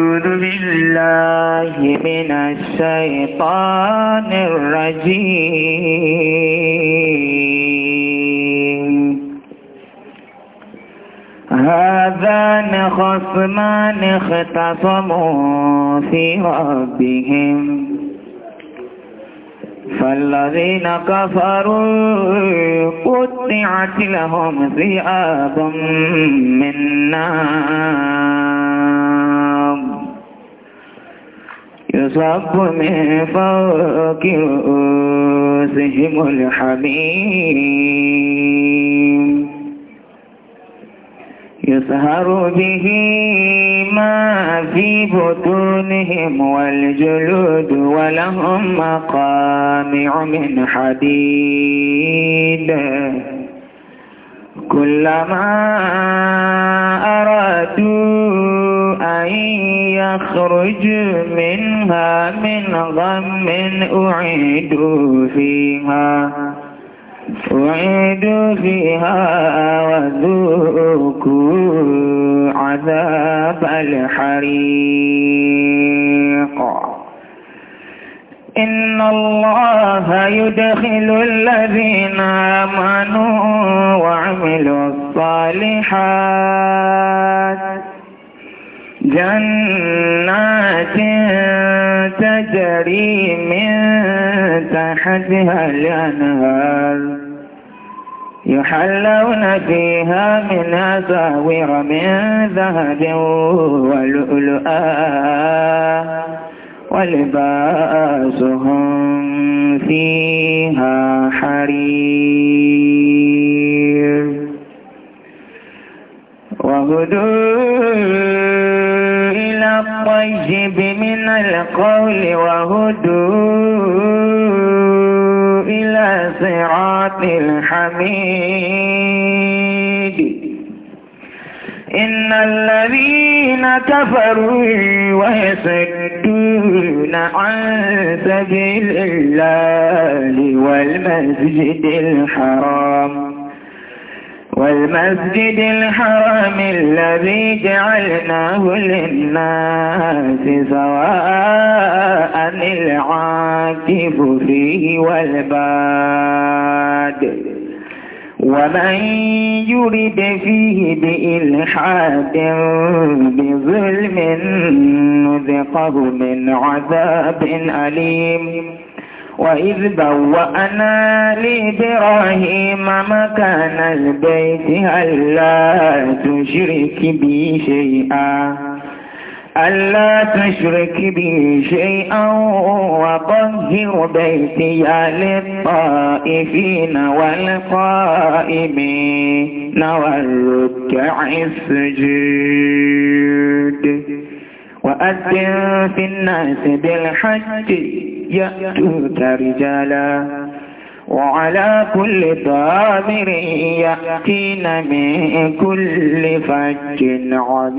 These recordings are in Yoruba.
أعوذ بالله من الشيطان الرجيم هذان خصمان اختصموا في ربهم فالذين كفروا قطعت لهم ثياب من نار يصب من فوق رؤوسهم الحميم يسهر به ما في بطونهم والجلود ولهم مقامع من حديد كلما أرادوا أن يخرج منها من غم أعيدوا فيها أعيدوا فيها وذوقوا عذاب الحريق إن الله يدخل الذين آمنوا وعملوا الصالحات جنات تجري من تحتها الأنهار يحلون فيها من أساور من ذهب ولؤلؤا ولباسهم فيها حرير وهدوء الطيب من القول وهدوا إلى صراط الحميد إن الذين كفروا ويصدون عن سبيل الله والمسجد الحرام والمسجد الحرام الذي جعلناه للناس سواء العاكف فيه والباد ومن يرد فيه بإلحاد بظلم نذقه من عذاب أليم وإذ بوأنا لإبراهيم مكان البيت ألا تشرك بي شيئا ألا تشرك بي شيئا وطهر بيتي للطائفين والقائمين والركع السجود وأذن في الناس بالحج يأتوك رجالا وعلى كل ضامر يأتين من كل فج عميق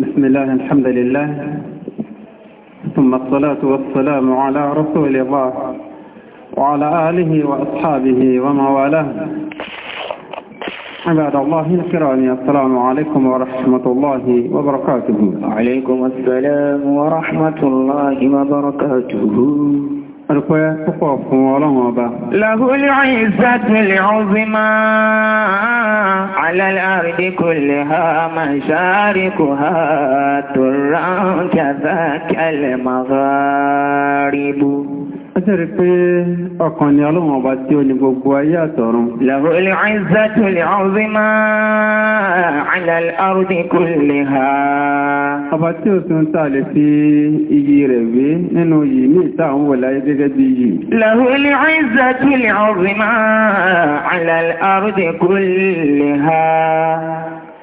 بسم الله الحمد لله ثم الصلاة والسلام على رسول الله وعلى آله وأصحابه وموالاه بعد الله الكرام السلام عليكم ورحمة الله وبركاته عليكم السلام ورحمة الله وبركاته له العزة العظمى على الأرض كلها مشاركها ترى كذاك المغارب Ajẹ́rì pé ọkàn ni ọlọ́run ọba tí ó ní gbogbo ayé àtọ̀run. Lahu al-izzatu al-azima ala al-ardi kulliha. Ọba tí ó tún tà lè fi iyì rẹ̀ wé nínú yìí ní ìta àwọn wọ̀lá gẹ́gẹ́ bí yìí. Lahu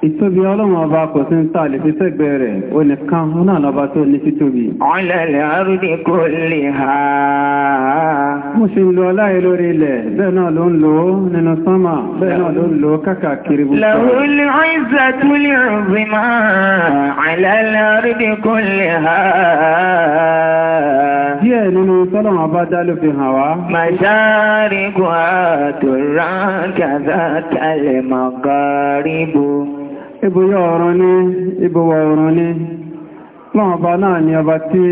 ìtóbi ọlọ́run ọba kò sí ń tà lè fi sẹ́gbẹ̀ rẹ̀ o nìkan náà lọba tó ní sí tóbi. ọ̀lẹ́lẹ̀ arúgbé kò lè ha. mo ṣe ń lo ọláyé lórí ilẹ̀ bẹ́ẹ̀ náà ló ń lò nínú sánmà bẹ́ẹ̀ náà ló ń lò ó káàkiri gbogbo. làwùlì ọ̀ìzà tó lè rìn mọ́ ọ̀lẹ́lẹ̀ arúgbé kò lè ha. díẹ̀ nínú sọ́lọ́run ọba dá ló fi hàn wá. màṣáàrígùn ibòyá ya ní ibòwà ọ̀run ní lọ́wọ́n ọba náà ni ọba tí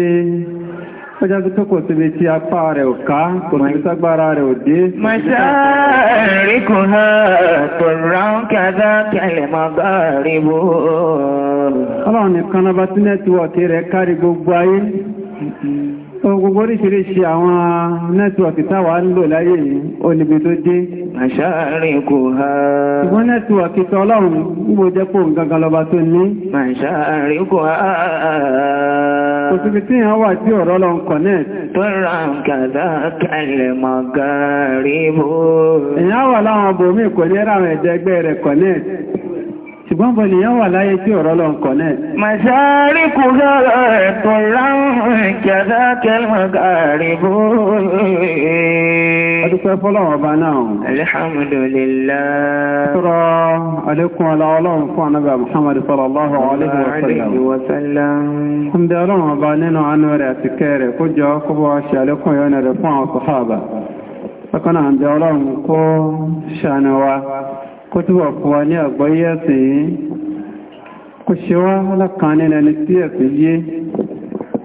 ó jásí pé kò síbi tí apá rẹ̀ ò ká kò sí ságbára rẹ̀ ò dé mọ̀ṣáàrí ha tọ̀rán kàdá kẹlẹ̀ mọ̀ bá ọlọ́run nìkan ọba tí nẹ́tíwọ̀kì rẹ̀ kárí gbogbo ayé gbogbo oríṣiríṣi àwọn nẹ́tíwọ̀kì táwà ń lò láyé yìí ó níbi tó dé àṣàárín kò ha ṣùgbọ́n nẹ́tíwọ̀kì tọ́ ọlọ́run gbogbo jẹ́ pò ń gangan lọba tó ní àṣàárín kò ha kò síbi tí yàn wà tí ọ̀rọ̀ lọ ń connect tó ra kàdá kalẹ̀ mọ̀gárí bó èyàn wà láwọn bòmí kò ní ẹ̀rọ àwọn ẹ̀jẹ̀gbẹ́ rẹ̀ connect ṣùgbọ́n bọ̀ lèyàn wà láyé tí ọ̀rọ̀ lọ ń kọ̀ náà. màṣáárì kò sọ̀rọ̀ ẹ̀tọ́ láwọn ìjàdá kẹlmọ̀ kàrí bó. ọdúpẹ́ fọlọ́wọ́ ọba náà. alihamudulilayi. sọ̀rọ̀ alekun ọlá ọlọ́run fún anábẹ́ muhammadu sallallahu alayhi wa sallam. kúndé ọlọ́run ọba nínú àánú rẹ̀ àti kẹrẹ̀ kó jọ kó bọ́ ṣe alekun yọ̀ọ́nà rẹ̀ fún àwọn sọ̀hábà. bákan kó túbọ̀ fún wa ní àgbáyé ẹ̀sìn yìí kó ṣe wá lákan nílẹni tí ẹ̀sìn yé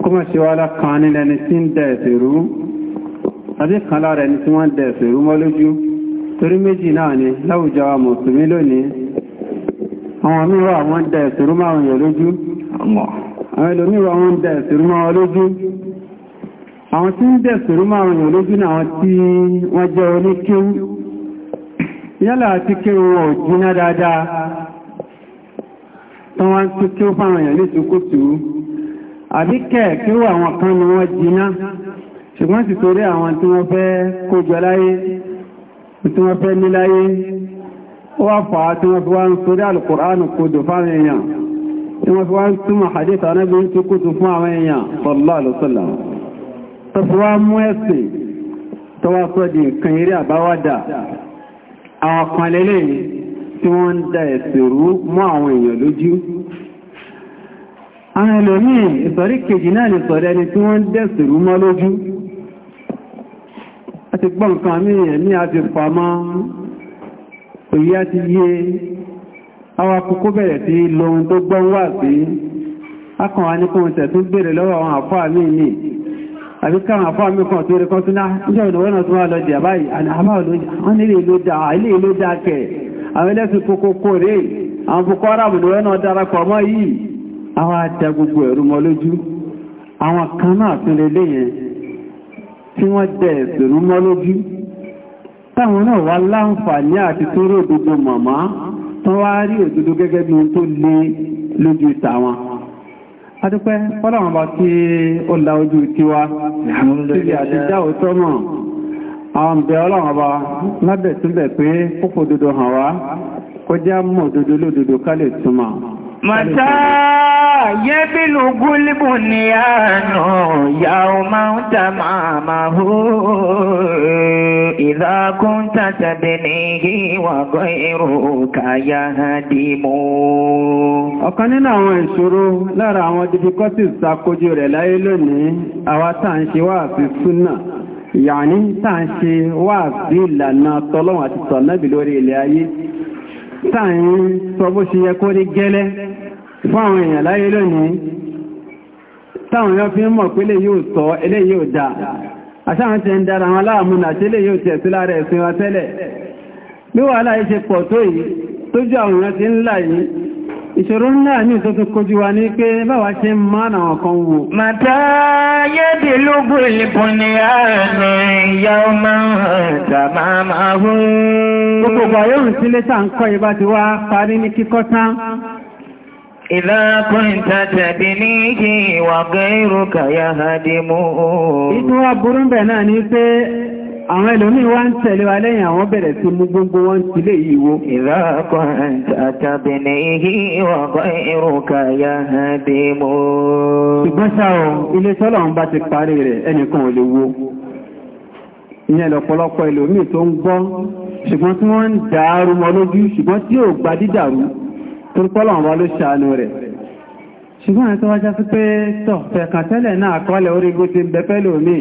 kó mọ̀ ṣe wá lákan nílẹni tí ń dẹ̀ ẹ̀sìn rú àti kan lára ẹni tí wọ́n dẹ̀ ẹ̀sìn rú mọ́ lójú torí méjì náà ni láwùjọ wa mùsùlùmí lónìí àwọn mìíràn àwọn dẹ̀ ẹ̀sìn rú máa wọ̀nyẹ̀ lójú àwọn ẹlòmíràn àwọn dẹ̀ ẹ̀sìn rú máa wọ lójú àwọn tí ń dẹ̀ ẹ̀sìn rú máa wọ̀nyẹ̀ lójú náà tí wọ́n jẹ́ oníkéwú yálà àti kí wọ́n jíná dáadáa tán wá ń tó kí ó fáwọn èèyàn ní ìtòkótò àbí kẹ́ kí ó àwọn kan ni wọ́n jíná ṣùgbọ́n sì torí àwọn tí wọ́n fẹ́ kójọ láyé tí wọ́n fẹ́ ní láyé ó wá fà á tí wọ́n fi wá ń torí alùkùránù kodò fáwọn èèyàn tí wọ́n fi wá ń túmọ̀ àwọn kan lélẹ́yìn tí wọ́n ń da ẹ̀sìn rú mọ́ àwọn èèyàn lójú àwọn ẹlòmí ìsọ̀rí kejì náà ni sọ̀rọ̀ ẹni tí wọ́n ń dẹ̀sìn rú mọ́ lójú a ti gbọ́ nǹkan mí ẹ̀mí a pàmọ́ àbí káwọn afọ́mí kan tó rékọ́ tún náà níjọ́ ìnáwó náà tó wà lọ jẹ́ báyìí àbá wọn nílé ìlú dá ilé ìlú dá kẹ̀ àwọn ẹlẹ́sìn kókó kórè àwọn fòkọ́ aráàbù ni wọ́n náà darapọ̀ mọ́ yìí adúpẹ́ fọ́lọ̀wọ̀n bá tí ó la ojú tiwa síbi àti já òótọ́ mọ̀ àwọn bẹ̀ ọlọ́wọ̀n bá lábẹ̀ túnbẹ̀ pé kókò dodo hàn wá kó já mọ̀ dodo lódodo ká lè túnmọ̀ Màtá yẹ bí lùgú líbù ní àánú, yà ó máa ń ta máa máa hó. Ìdá kún tàtàbí ní ìwàgọ́ èrò kàyà dìmú. Ọ̀kan nínú àwọn ìṣòro lára àwọn difficulties àkójọ rẹ̀ láyé lónìí, àwa tàà ń ṣe wà fi súnà yàní tàà ń ṣe wà sí ìlànà tọ́lọ́wọ̀n àti tọ̀nàbì lórí ilẹ̀ ayé táàrin sọ bó ṣe yẹ kó rí gẹ́lẹ́ fún èèyàn láyé lónìí táwọn èèyàn fi ń mọ̀ pé lè yóò tọ́ ilé yóò dá àṣáwọn tẹ́ ń dára wọn láàmúnà tí lè yóò tẹ̀ sí lára ẹ̀sìn wa tẹ́lẹ̀ bí ṣe pọ̀ tó ìṣòro ńlá ní tó tó kojú wa ní pé báwa ṣe ń máa nà ọ̀kan wò. màtá yẹ́dì lógún ìlìpùn ni a nà ìyá ọmọ ìtàmà máa hù. gbogbo ọgbà yóò sí létà ń kọ́ ibá ti wá parí ní kíkọ́ tán. ìlà kọ́ńtà àwọn ẹlòmíì wá ń tẹ̀lé wa lẹ́yìn àwọn bẹ̀rẹ̀ sí mú gbogbo wọn ti lè yí wo. ìlàkọ̀ àtàbìnrin yìí wọ̀kọ́ ìrùkà ya dé mọ́. ṣùgbọ́n ṣá o ilé tọ́lọ̀ ń bá ti parí rẹ̀ ẹnìkan ò lè wo ìyẹn lọ́pọ̀lọpọ̀ ẹlòmíì tó ń gbọ́ ṣùgbọ́n tí wọ́n ń dàárú mọ́ lójú ṣùgbọ́n tí ò gba dídàrú tó pọ́lọ̀ wọn ló ṣàánú rẹ̀ ṣùgbọ́n àti wájá sí pé tọ̀ fẹ̀kàn tẹ́lẹ̀ náà kọ́lẹ̀ orí gbó ti bẹ́pẹ́ lòmíì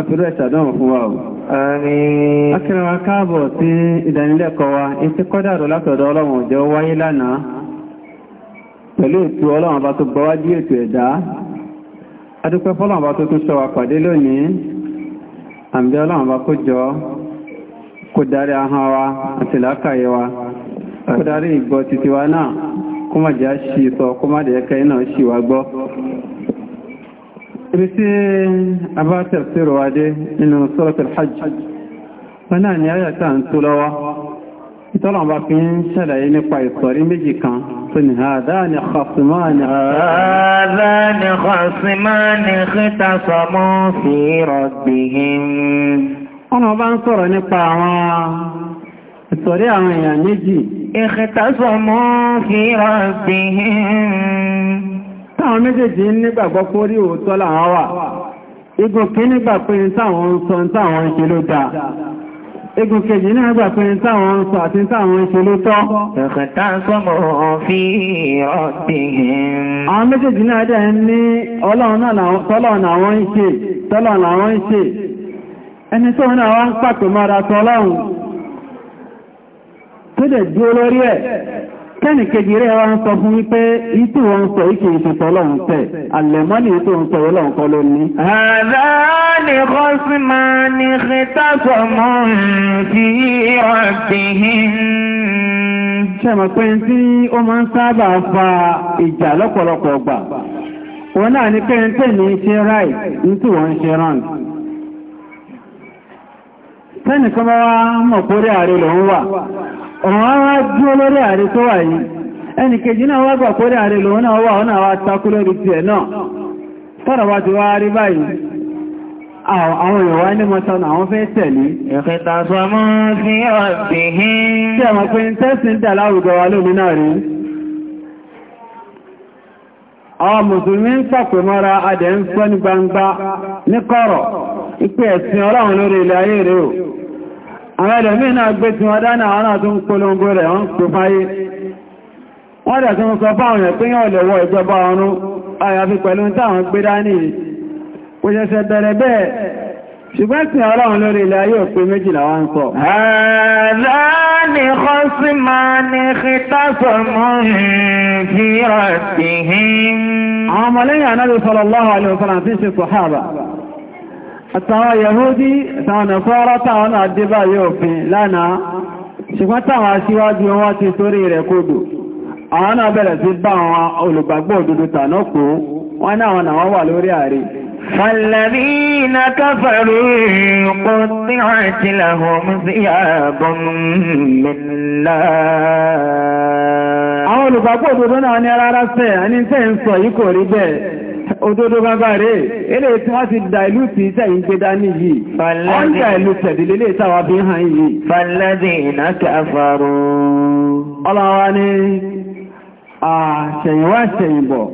Àfẹ́rẹ́ ìṣàdánwò fún wa o. Àmín. Akẹ́rẹ́wà káàbọ̀ sí ìdánilẹ́kọ̀ọ́ wa, ìtí kọ́dàrọ̀ látọ̀dọ̀ ọlọ́run òjò wáyé lánàá. Pẹ̀lú ètò ọlọ́run bá tó gbọ́wájú ètò ẹ̀dá. Adúpẹ́ fọ́lọ́run bá tó ibi tí a bá tẹ̀síro adé nínú sọ́rọ̀tẹ̀ hajj wọn náà ni ayàtà ń tó lọ́wọ́ ìtọ́lọ̀ bá fi ń ṣẹlẹ̀ nípa ìsọ̀rí méjì kan tó ní àdáni khasmani àdáni khasmani khitasamu fi rabbihim ọ̀nà bá ń sọ̀rọ̀ nípa àwọn ìsọ̀rí àwọn èèyàn méjì ikhtasamu fi rabbihim táwọn méjèèjì ń nígbàgbọ́ kún rí òótọ́ wọn wà igun kìíní pé ní táwọn ń sọ táwọn ń ló dáa kejì pé ní táwọn ń sọ àti táwọn ló tọ́. Ẹ̀kẹta sọ́mọ̀ fi ọ̀tìhìn. kẹ́nì kejì rẹ̀ wá ń sọ fún wípé ìtò wọn sọ ìkì ìṣẹ̀tọ̀ ọlọ́run tẹ̀ àlẹ̀mọ́lì ìtò wọn sọ ọlọ́run kọ́ ló ní. àdá lè kọ́ sí máa ní ṣètàṣọ mọ́ sí ọ̀dìhìn. ṣẹ́mọ̀ pé tí ó máa ń sábà fa tẹ́nìkan bá wá mọ̀ pórí ààrẹ lòun wà ọ̀rọ̀ wá jú olórí ààrẹ tó wà yìí ẹni náà àwọn ìwà ní àwọn fẹ́ tẹ̀lé ìfẹ́tàṣọ́mọ́ sí ọ̀dìhín tí ẹmọ̀ pé ń wa náà rí àwọn mùsùlùmí ń pàpẹ̀ mọ́ra adẹ̀ ń sọ àwọn ẹlẹ̀mí náà gbé tí wọ́n dáná àwọn náà tó ń polongo rẹ̀ wọ́n tó fáyé wọ́n dẹ̀ tó ń sọ fáwọn ẹ̀ pé yàn ìjọba ọ̀run àyàfi pẹ̀lú táwọn gbé dání kò bẹ̀rẹ̀ bẹ́ẹ̀ ṣùgbọ́n tí ọlọ́run lórí ilẹ̀ ayé alaihi wasallam tí ń ṣe àtàwọn yahudi àtàwọn nàfọ́ọ́rọ́ táwọn náà dé báyé òfin lánàá ṣùgbọ́n táwọn aṣíwájú wọn ti torí rẹ̀ kodò àwọn náà bẹ̀rẹ̀ sí bá àwọn olùgbàgbọ́ òdodo tànà kó wọ́n náà wọn náà wà lórí ààrẹ فالذين كفروا قطعت لهم ثياب من نار àwọn olùgbàgbọ́ òdodo náà ní ara rásẹ̀ àní tẹ́ ń sọ yìí rí bẹ́ẹ̀ òdodo bàbá rẹ̀ ilé tí wọ́n ti dà ìlú tí sẹ́yìn gbé dání yìí ọ́njà ìlú tẹ̀dílé lè sáwà bí hàn yìí falladhina kafaru ọlọ́wọ́ ni àṣẹ̀yìnwá ṣẹ̀yìnbọ̀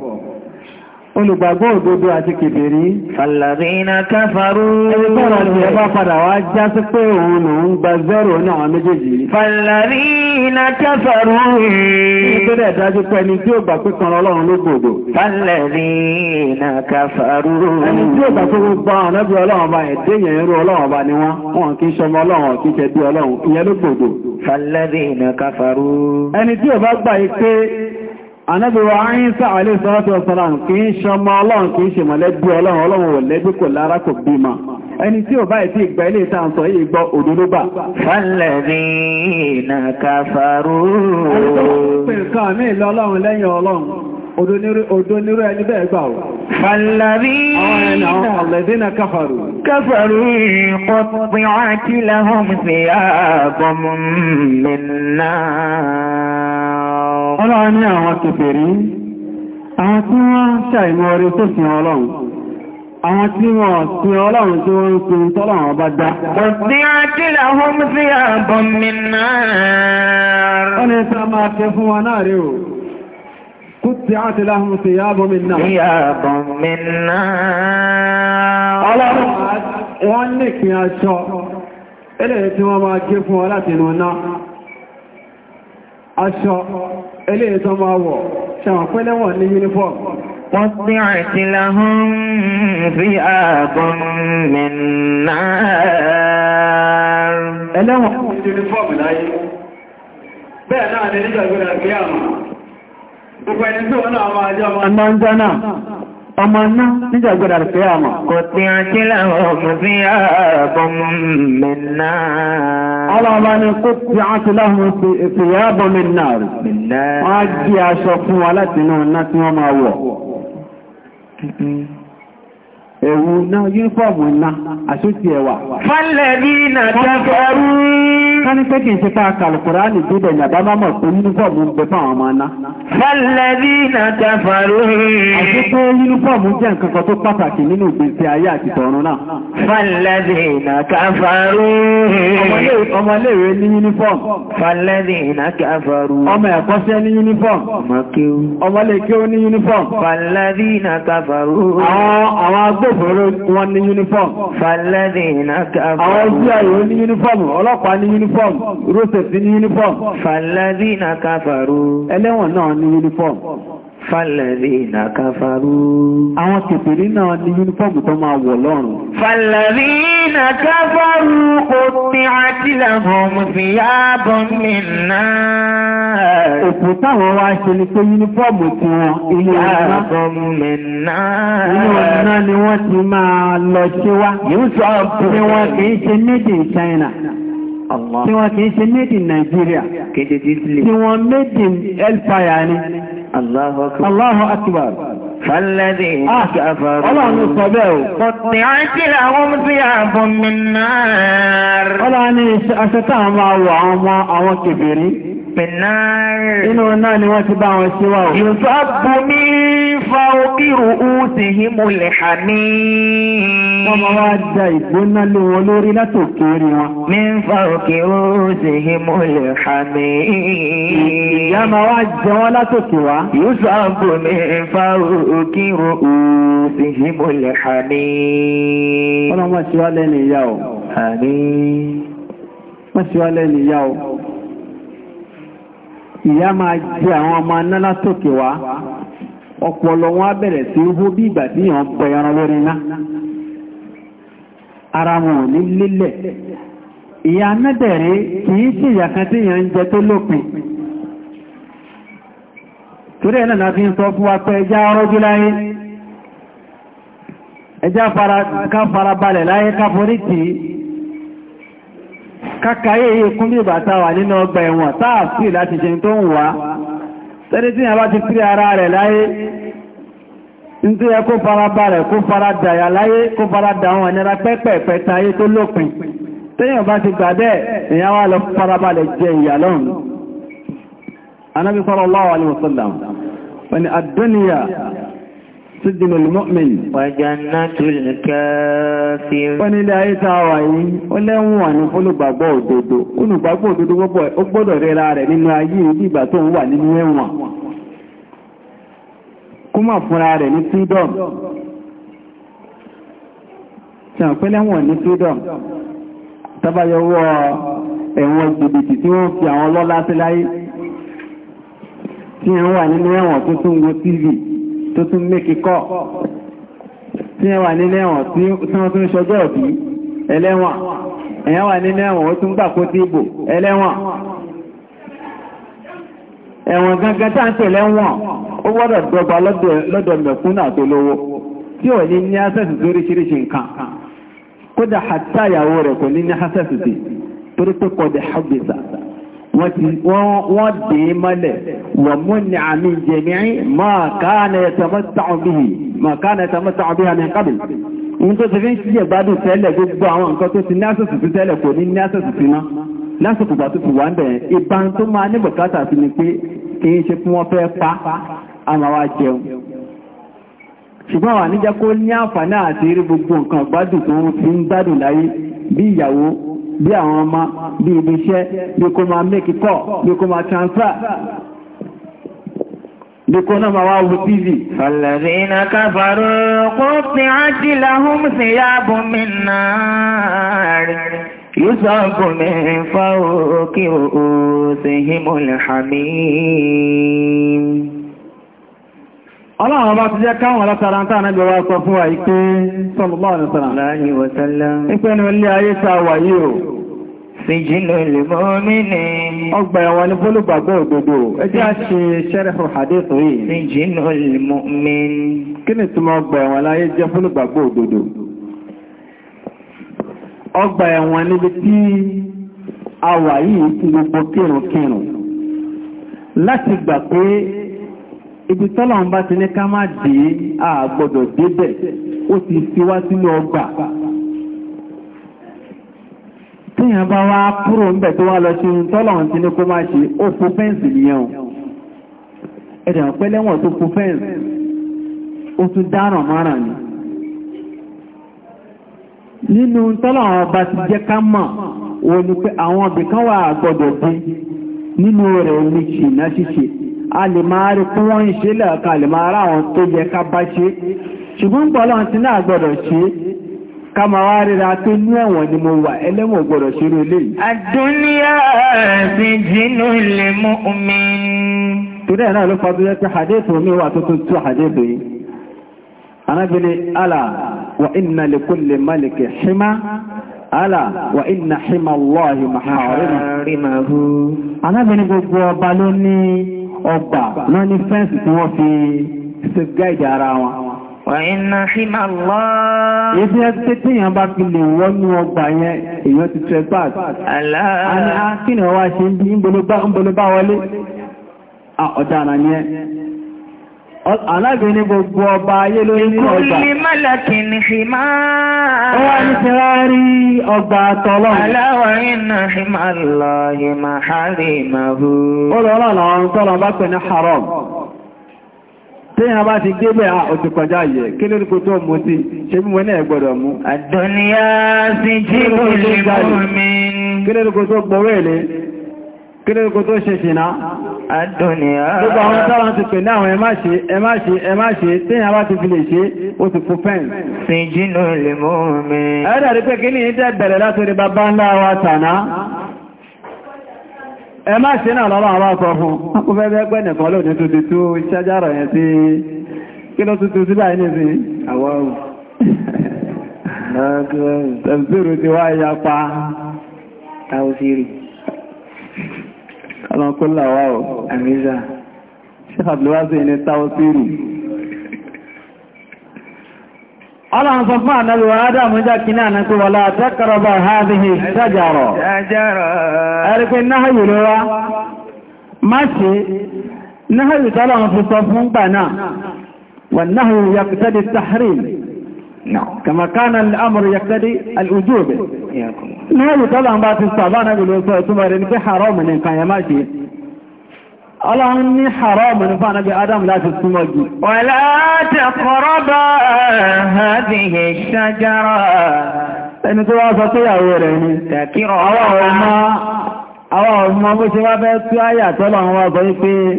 olùgbàgbọ́ òdodo àti kèfèrí. Fàlàdínà káfàrú. Ẹni ni ẹ padà wá já sí pé òun ló ń gba zẹ́rò ní àwọn méjèèjì. Fàlàdínà káfàrú. Nítorí dájú pé ẹni tí ó gbà pé kan Ọlọ́run ló gbòdò. Fàlàdínà káfàrú. Ẹni tí ó gbà pé anábìwọ̀ ayínsá àlè sọ́rọ́tọ̀ ọ̀sọ́ràn kì í ṣọmọ ọlọ́run kì í ṣe mọ̀lẹ́bí ọlọ́run ọlọ́run wọ̀ lẹ́bí kò lára kò bí ma ẹni tí ò bá ìtí ìgbà ilé ìta yìí gbọ́ òdodo bá. ودونيرو يعني بقى باو فالذين كفروا كفروا قطعت لهم ثياب من النار قال أنا يا وكفرين أعطوا شيء موريسوسي علون أعطوا موريسوسي علون جوان سنت الله بدا قطعت لهم ثياب من النار أنا سمعت هو ناريو قطعت لهم ثياب من نار ثياب من نار ọlọ́run wọ́n ní kí aṣọ eléyìí tí wọ́n máa gé fún wọn láti inú náà aṣọ eléyìí tó máa wọ̀ ṣàwọn pẹ́lẹ́ wọ̀n ní uniform قطعت لهم ثياب من نار ẹlẹ́wọ̀n uniform láyé bẹ́ẹ̀ náà ní nígbàgbẹ̀rẹ̀ Ọmọ ọjọ́ náà, ọmọ náà níjàgbẹ̀rẹ̀ àrẹ̀fẹ́ àmà. Kò tí a tí láwọn ọmọ sí ààbọ̀n mẹ́nà. Ọlọ́ọ̀bá ni kò tí a tí láwọn sí ààbọ̀n mẹ́nà rẹ̀. ẹ̀wù náà yúnífọ́ọ̀mù iná àṣótí ẹwà. fálẹ̀bí na kẹfẹ́rú. káni pé kí n ṣe káà kàlùkùrá ní gbígbẹ̀ ní àbámọ̀ pé yúnífọ́ọ̀mù ń bẹ fún àwọn ọmọ iná. fálẹ̀bí na kẹfẹ́rú. àti pé yúnífọ́ọ̀mù jẹ́ nǹkan kan tó pàtàkì nínú ìgbésí ayé àti tọ̀run náà. fálẹ̀bí agbófinró wọn ní uniform. Fàlẹ́dì ìnáka fún. Àwọn ẹgbẹ́ àyò ní uniform, ọlọ́pàá ní uniform, rọ́sẹ̀tì ní uniform. Fàlẹ́dì ìnáka fàrú. Ẹlẹ́wọ̀n náà ní uniform. Fàlẹ̀rìnà káfàrú. Àwọn kèfèrí náà ní yúnífọ́ọ̀mù tó máa wọ̀ lọ́rùn. Fàlẹ̀rìnà káfàrú omi àti lẹ́gbọ̀mù fi yábọ̀ mìíràn. Òkú táwọn wá ṣe ni pé yúnífọ́ọ̀mù tí wọn ilé ọ̀nà ni wọ́n ti máa lọ ṣíwá. Yóò China tí wọ́n kìí ṣe made in Nigeria tí wọ́n made in elfire ni Allahu Akbar Fàlẹ́dì àkàfàrò. Ah, Ọlọ́run sọ bẹ́ẹ̀ o. Kọ̀tì àti àwọn tí a bọ̀ mí náà. Ọlọ́run ni aṣẹ́ta máa wọ àwọn kèbèrè minar. Inú náà ni wọ́n ti bá wọn ṣe wà ó. Yùsọ́bù mi fa òkìrù úsì hímulẹ̀ àmì. Wọ́n máa wá da ìgbóná lé wọn lórí látòkèrè wọn. Mi fa òkìrù úsì hímulẹ̀ àmì. Ìyá máa wá jẹ wọ́n ìyá o. Àmì. Wọ́n ṣe wá ìyá o. ìyá máa jẹ àwọn ọmọ anára tókè wá ọpọlọ wọn á bẹ̀rẹ̀ sí hó bí ìgbà tí yàn bọ ẹran lórí iná ara wọn ò ní lílẹ̀ ìyá anádẹ̀rẹ́ kìí sí ìyà kan tí yàn ń jẹ tó lópin torí ẹ̀nà náà fi ń sọ fún wa pé ẹjá láyé ẹjá ká fara balẹ̀ láyé ká forí tìí kákàáyé ikún bí bàtà wà nínú ọgbà ẹ̀wọ̀n táà sí láti ṣe tó ń wá tẹ́lẹ̀ tí àbá ti pírí ara rẹ̀ láyé ní tó yẹ kó fara bá rẹ̀ kó fara dàyà láyé kó fara dà wọn nira pẹ́pẹ̀ẹ̀pẹ́ táyé tó lópin سجن المؤمن وجنة الكافر wọ́n nílé ayé tàwà yìí ó lẹ́wọ̀n wà ní olùgbàgbọ́ òdodo olùgbàgbọ́ òdodo gbogbo ó gbọ́dọ̀ rẹra rẹ̀ nínú ayé ní ìgbà tó ń wà nínú ẹ̀wọ̀n kó má fúnra rẹ̀ ní freedom ṣàn pé lẹ́wọ̀n ní freedom tàbáyọwọ́ ẹ̀wọ̀n jìbìtì tí wọ́n fi àwọn lọ́lá sí láyé tí wọ́n wà nínú ẹ̀wọ̀n tó tún wo tv tó tún lékè kọ́ tí ẹ wà nínú ẹ̀wọ̀n tí wọ́n tún ṣọjọ́ ọ̀bí ẹlẹ́wọ̀n wà nínú ẹ̀wọ̀n ó tún gbà tí ìbò ẹlẹ́wọ̀n ẹ̀wọ̀n gangan tá ń tẹ̀lé ó lọ́dọ̀ mẹ̀kúnnà wọ́n ti wọ́n dé mọ́lẹ̀ wọ́n mú ní àmì jẹ̀mí máa káàna ẹ̀tàmọ́tàun bí i àmì kábìl ní tó ti fi ń ṣíyẹ̀ gbádùn tẹ́lẹ̀ gbogbo àwọn nǹkan tó ti ní àṣẹ́sì sí tẹ́lẹ̀ kò ní ní àmàwà jẹun ṣùgbọ́n wà níjẹ́ kó ní àǹfààní àti rí gbogbo nǹkan gbádùn tó ń fi ń gbádùn láyé bí ìyàwó bí àwọn ọmọ bí ibi iṣẹ́ bí kó máa make call bí kó máa transfer bí kó náà máa wá wo tv. Fàlàdínà káfàró kó fi ájí láhùn sí yáàbù náà rí. Yúsọ́gù mi fáwọ́ kí òòsìn hímọ̀lẹ̀ hàmí. Ọlọ́run bá ti jẹ́ káwọn látara tàà náà gbọ́wà sọ fún wa ìpé sallallahu alaihi wasallam. Ìpẹ́nu ilé ayé ta wà yìí o. Sijinu l-mu'mini. Ọgbà ẹ̀wọ̀n ni bólúgbàgbọ́ ògbogbo. Ẹ ibi tọ́lọ̀ ń bá ti ní ká má dé àgbọ̀dọ̀ débẹ̀ ó ti fi wá sínú ọgbà tíyàn bá wá kúrò ń bẹ̀ tó wá lọ ṣe tọ́lọ̀ ti ní kó má ṣe ó fò fẹ́ǹsì nìyẹn ẹ̀dẹ̀ ń pẹ́lẹ́wọ̀n tó fò fẹ́ǹsì ó tún dáràn máràn ni nínú tọ́lọ̀ ọba ti jẹ́ ká mọ̀ òun ni pé àwọn ibìkan wà àgbọ̀dọ̀ dé nínú rẹ̀ ní ṣìnà ṣíṣe a lè máa rí kún wọ́n ń ṣe lẹ́ọ̀ká lè máa rá àwọn tó yẹ ká bá ṣe ṣùgbọ́n pọ̀lọ́ ti náà gbọ́dọ̀ ṣe ká máa wá ríra tó ní ẹ̀wọ̀n ni mo wà ẹlẹ́wọ̀n gbọ́dọ̀ ṣe rú lè Àdúnyà inna hima Allahi Anábìnrin gbogbo ọba ló ní ọgbà náà ní fẹ́ǹsì tí wọ́n fi safeguide ara wọn. Wàyínà sí máa lọ. Èsì ẹgbẹ́ tètè yàn bá fi lè wọ́nú ọgbà yẹn èèyàn ti trespass. Àlá. A ní akínà ah, wá ṣe ń bí ń bolo bá wọlé. Ah, Ọ̀dà àná ni ẹ. Alábìnrin gbogbo ọba ayé lórí nínú ọgbà. Ìkúlé mọ́lẹ̀kì ní ṣìmá. Ó wá ní ṣe wá rí ọgbà àtọ́lọ́. Aláwọ̀rin náà ṣe máa lọ yìí máa hàrí ìmàrú. Ó lọ lọ́nà ó ti kílódékò tó ṣe ṣìná àdúnìyà gbogbo àwọn tọ́rọ ti pè ní àwọn ẹmáṣe ẹmáṣe ẹmáṣe tíyàn bá ti fi lè ṣe ó ti kú fẹ́ǹ sí jínú lè mú mi ẹ̀rẹ́dàrí pé kí ní ìdẹ́ bẹ̀rẹ̀ látòrí bàbá ńlá wa tàná ẹmáṣe náà lọ́wọ́ àwọn akọ fún akúfẹ́fẹ́ àwọn tẹ̀síru Ọlọ́run kó làwá ọ̀. Àmìzà. Ṣé Fàbílúwází ni táwọ́ sírù? Ọlọ́run sọ fún ànábì wa Ádámù já kí ní àná pé wà láà tẹ́kọ̀rọ̀ bá háàbíhì ṣájàrọ̀. Ẹ̀rí pé náhàyù ló wá. Má ṣe, náhàyù tọ́lọ́run fi sọ fún gbà náà. Wà náhàyù yàkùtẹ́ di tahrim. نعم كما كان الامر يقتضي الوجوب ما يطلع ما في الصابان يقول ثم رمك حرام ان كان يماشي الله اني حرام ان فانا بادم لا تسمج ولا تقرب هذه الشجرة ان كنت اصطيع ورين تكير الله ما الله ما مشي وابت ايات الله ما ضيفي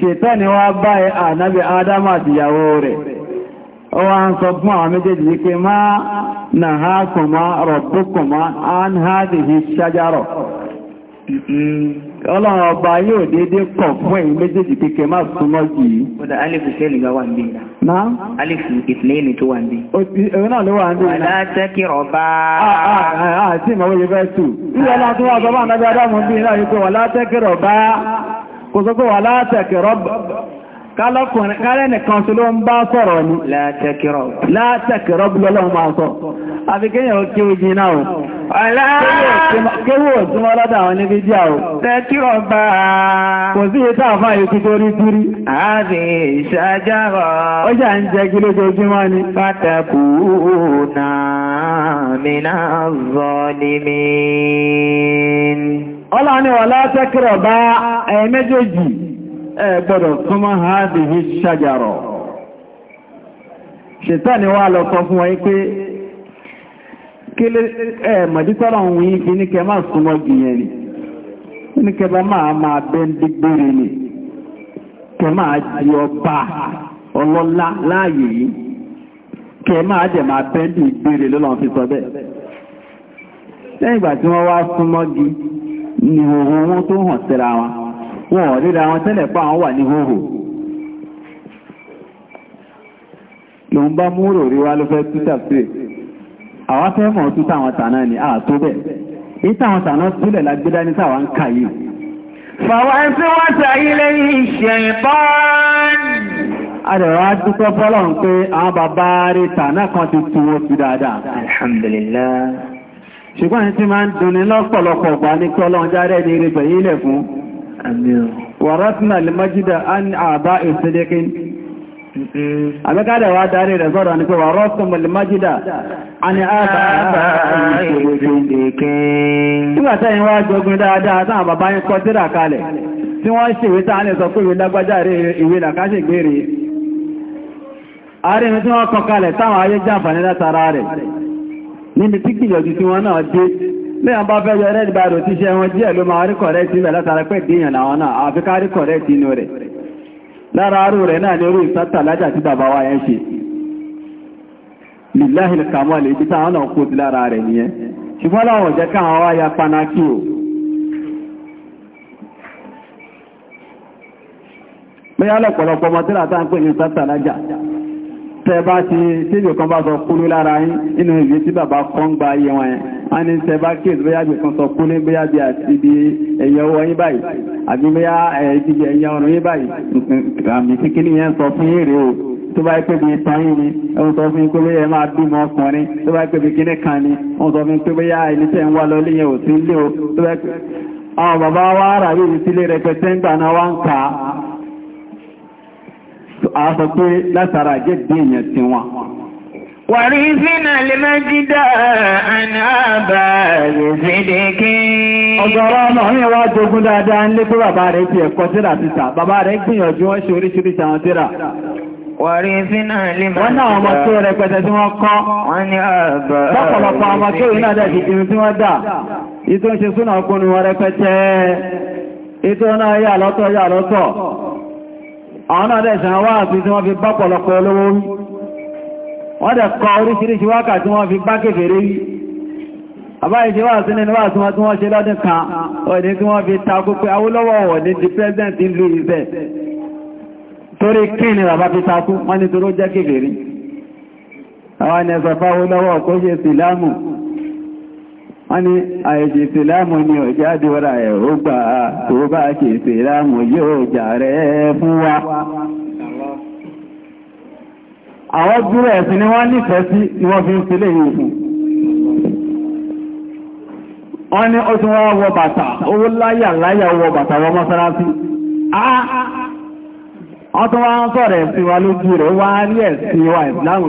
شيطاني وابا نبي ادم اتجاوري ọwá ń sọ fún àwọn méjèèjì wípé máa nà ha kùnmá rọ̀bùkùnmá ha dì hì ṣájárọ̀ ọlọ́run ọba yóò dédé kọ̀ fún ẹ̀yin méjèèjì kékeré máa súnmọ́ yìí. alifu sẹ́ẹ̀lì wà ń ah, ah, ah, bí alifu ìtìlẹ́yìn tó wà wà na. kálọ́kùnrin kálẹ́nì kan tó ló ń bá sọ̀rọ̀ ní látẹ̀kẹ̀rọ̀ búlọ́lọ́wọ́ máa sọ àfikẹ́yàn ó kí ojú náà o kéwò súnmọ́ lọ́dà àwọn níbi díà o tẹ́kírọ̀ bá kò sí ètò àfá ikú tó rí túrí ààbì ni wà látẹ́kírọ̀ bá ẹ̀ẹ́mẹ́jọ́jì E gbọdọ súnmọ́ hādhihi ṣ-ṣajara ṣètàní wá lọ sọ fún wọn pé kílé ẹ mọ̀dítọ́rọ̀ yìí kí ní kẹ máa súnmọ́ gìyẹn ni ní kẹ bá máa máa bẹ́ ń dígbére kẹ máa ọba ọlọ́lá láàyè yìí kẹ máa jẹ máa bẹ́ ń dígbére fi sọ bẹ́ẹ̀ lẹ́yìn ìgbà tí wọ́n wá súnmọ́ gi ni òun tó hàn wọn ò ríra wọn tẹ́lẹ̀ pa àwọn wà ní hóhò ló ń bá múrò rí wá ló fẹ́ tútà àwọn fẹ́ mọ̀ tútà àwọn tànà ni àà tó bẹ̀ ìtà àwọn tànà túlẹ̀ lágbédá ní tàwọn ń kà yìí fàwọn tí wọ́n ta ilé ìṣẹ̀ ìbọn Adẹ̀wà Alhamdulillah. Ṣùgbọ́n ti máa ń dunni lọ́pọ̀lọpọ̀ gbà ní kí ọlọ́run járẹ́ ní irẹ́gbẹ̀ yílẹ̀ fún wàrátínà lè májídà án àbá ìsẹ́dẹ́kín àbẹ́kádà wá darí rẹ̀ sọ́rọ̀ ní pé wàrátínà lè májídà án àbá ìsẹ́dẹ́kín nígbàtẹ́yìn wá jogun dáadáa táwọn bàbá yín kọ tírà kalẹ̀ tí wọ́n ṣèwé táà ní sọ pé ìwé lágbájá rẹ̀ ìwé làkáṣègbè rèé àárín tí wọ́n kọ kalẹ̀ táwọn ayé jàǹfà ní látara rẹ̀ níbi tí gbìyànjú tí wọ́n náà dé ní àbá fẹ́ yọ red bá rò tí ṣe wọn díẹ̀ ló máa rí kọ̀rẹ́tì ilẹ̀ látara pẹ́ díyàn àwọn náà àfikà rí kọ̀rẹ́tì inú rẹ̀ lára arú rẹ̀ náà ní orí ìsátà lájà tí bàbá wa yẹn ṣe lìláhìl kàmọ́lì ibi náà kó ti lára rẹ̀ nìyẹn panaki o tẹ́bá ti tíjò kan bá sọ kúrú lára yín inú ìwé tí bàbá kan gba ayé wọn yẹn a ní tẹ́bá kéèsì bóyá bí kan sọ kúrú bóyá bí àti ibi ẹ̀yẹ ọwọ́ yín báyìí àbí bóyá ẹ̀ẹ́dìgbì ẹ̀yẹ ọrùn yín báyìí àmì kíkiri yẹn sọ fún èrè o tó bá pé bí ìtàn yìí ni ẹ̀wọ̀n sọ fún pé bóyá ẹ máa bímọ ọkùnrin tó bá pé bí kíní kan ni wọ́n sọ fún pé bóyá ẹni tẹ́ ń wá lọ́lé yẹn ò sí ilé o tó bá pé àwọn bàbá wa rà àásọ pé látara jẹ́gbé èèyàn ti wọn wàrí sínà lè má jogun dáadáa ń lé pé bàbá rẹ̀ ti ẹ̀kọ́ tíra títà bàbá rẹ̀ gbìyànjú wọ́n ṣe oríṣiríṣi àwọn tíra wàrí sínà tí wọ́n kọ́ wọ́n ní àwọn náà dẹ̀ ṣàn wá àti tí wọ́n fi bá pọ̀lọpọ̀ olówó rí wọ́n dẹ̀ kọ oríṣiríṣi wákà tí wọ́n fi bá kéfèrè rí àbáyé ṣe wá sí nínú tí wọ́n ṣe lọ́dún kan ọ̀dẹ́ tí wọ́n fi takó pé Awólọ́wọ̀ ni bàbá fi takó wọ́n ni toró jẹ́ kéfèrè àwọn ẹ̀sọ̀fà Awólọ́wọ̀ kó ṣe sìlámù wọ́n ní àìjì ìsìláàmù ni ò jádìwọ́ra ẹ̀ ó gbà tó bá ṣe ìsìláàmù yóò jà rẹ̀ fún wa àwọn dúró ẹ̀sìn ni wọ́n nífẹ̀ẹ́ sí ni wọ́n fi ń fi lè yìí fún wọ́n ní ó tún wọ́n wọ bàtà owó láyà láyà wọ bàtà wọ mọ́sánásí wọ́n tún wọ́n sọ̀rẹ̀ sí wa lójú rẹ̀ wọ́n rí ẹ̀sìn wa ìsìláàmù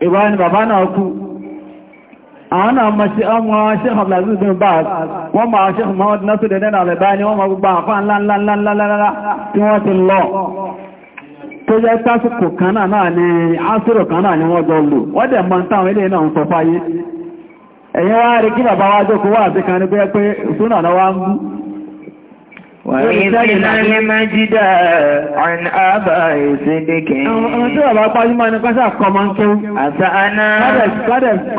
ìwá ni bàbá náà kú àwọn náà ma ṣe ọmọ Sheikh Abdulaziz bin Baz wọ́n ma Sheikh Muhammad Nasiruddin Al-Albani wọ́n nla gbogbo àfá ńláńláńláńláńlá tí wọ́n ti lọ tó jẹ́ kana kaná náà ni ásìrò kaná ni wọ́n jọ lò wọ́n dẹ̀ mọ́ táwọn ilé náà ń sọ fáyé ẹ̀yìn wá rí kí bàbá wájókòó Ìrìnlẹ́gbẹ̀rẹ̀ alẹ́mẹ́jídà àn àbà ìsìndìkì. Àwọn tí ọ̀bá pàájú máa ní pàṣà kọ máa ń tó. Àṣà àná.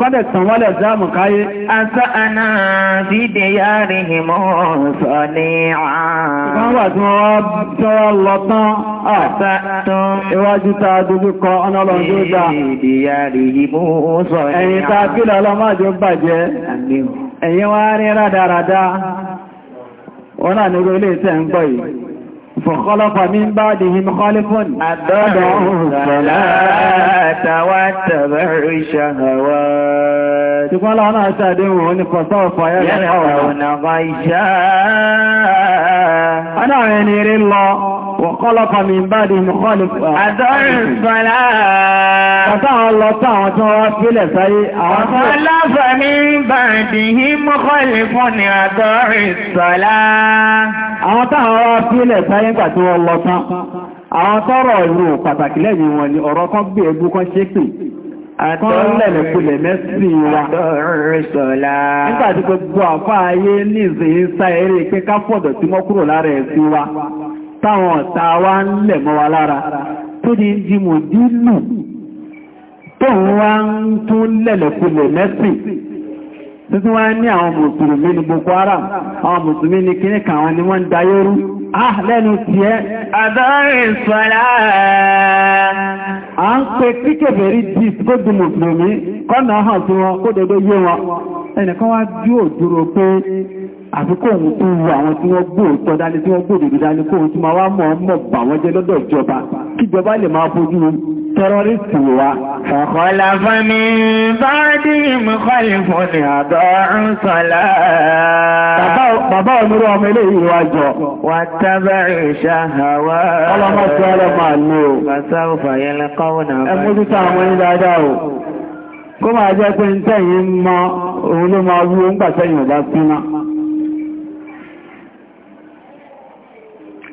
Kọ́dẹ̀ tàn wọ́lẹ̀ dáàmù káyé. Àṣà àná fídè yáàrin ìmọ̀ sọ ní àárín. Wọ́n wà tí wọ́n tọ́rọ lọ ta dojú kọ ọ̀nà ọlọ́run tó dá. Fídè yáàrin òun náà ní ilé iṣẹ́ ń gbọ́ yìí فخلف من بعدهم خلف أدعوا الصلاة واتبعوا الشهوات تقول أنا أسألهم فسوف يلقون غيشا أنا عيني لله وخلق من بعدهم مُخَالِفٌ أدعوا الصلاة وتعالى تعالى في لسعي وخلق من بعدهم خالق أدعوا الصلاة وتعالى في لسعي قدوا الله تعالى àwọn tọ́rọ ìlú pàtàkì lẹ́yìn wọn ni ọ̀rọ̀ kan bí ẹgbú kan ṣe pè kan lẹ́lẹ̀kulẹ̀ mẹ́sìn wa nígbàtí gbogbo àfáà ayé ní ìsìn sáà eré pé ká fọ̀dọ̀ tí mọ́ kúrò lára ẹ̀sìn wa táwọn ọ̀tá wa ń lẹ̀ mọ́ wa lára tó di ń di nwa tó ń wá ń tún lẹ́sìn ní àwọn mùsùlùmí ní Boko Haram àwọn mùsùlùmí ní kíní kan ni wọ́n ń ah lẹ́nu tí ẹ́ àdọ́rin sọ́lá àfikún òun tó wu àwọn tí wọ́n gbé òótọ́ dání tí wọ́n gbé òdòdó dání kó òun tó máa wá mọ̀ ọ́n bà wọ́n jẹ́ lọ́dọ̀ ìjọba kíjọba lè máa bójú tẹ́rọ́rìsì wa. ọ̀kọ́lá kó máa jẹ́ pé ń tẹ̀yìn mọ òun ló máa wú ń gbà tẹ̀yìn ọ̀dá síná.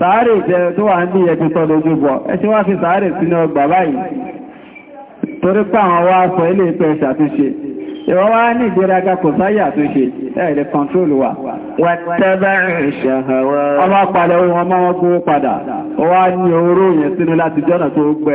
sàárè jẹ tó wà ní bí ẹgbẹ́ tọ́ lójú bọ̀ ẹṣẹ́ wá fi sàárè sínú ọgbà báyìí torí pé àwọn wá sọ ilé ìpẹ́ ṣàtúnṣe ìwọ wá ní ìgbéraga kò sáyé àtúnṣe ẹ̀rẹ̀ kọ̀ntrólù wa ọmọ padà ohun ọmọ wọn wá ní oró yẹn sínú láti jọ́nà tó gbọ́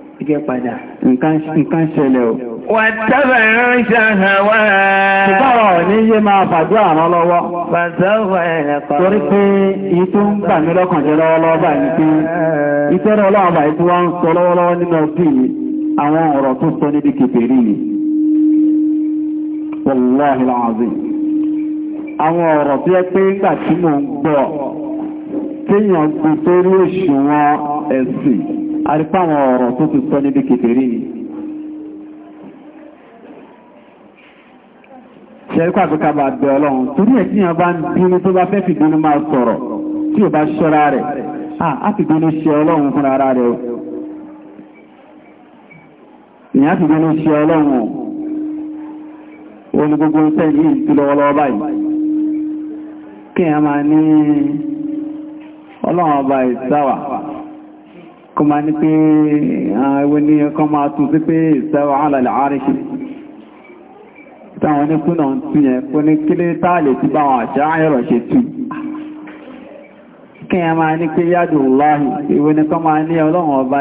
ìfẹ́ padà nǹkan ṣẹlẹ̀ o. Wà tábà ránṣẹ́ àwà. Ṣùgbọ́n ní yé máa fàdú àrán lọ́wọ́. Bàtàwà ẹ̀lẹ́kọ̀ọ́. Torí pé èyí tó ń gbà mí lọ́kàn jẹ́ lọ́wọ́lọ́wọ́ tí wọ́n ń sọ lọ́wọ́lọ́wọ́ nínú ọdún tó sọ níbi ẹ̀sìn. àrípá àwọn ọ̀rọ̀ tó ti sọ níbi kèfèrí ni ṣẹ̀ríkà fi kàbà bẹ ọlọ́run torí ẹ̀ tí yàn bá ń bínú tó bá fẹ́ fìbínú máa sọ̀rọ̀ tí ò bá ṣọ́ra rẹ̀ á fìbínú ṣe ọlọ́run fún ara rẹ̀ ìyá fìbínú ṣe ọlọ́run o ní gbogbo sẹ́yìn yìí tó lọ́wọ́lọ́wọ́ báyìí kí ẹ máa ní ọba ìsáwà kó máa ní pé àwọn ní ẹkọ́ máa tún sí pé ìsẹ́wà alàlẹ̀ àríṣì táwọn ní kúnà ń tún yẹn kó ní kílé táàlẹ̀ tí báwọn àṣà àìrọ̀ ṣe tú kí ẹ máa ní pé yádò láàáhì ìwé ní kọ́ máa ní ọlọ́run ọba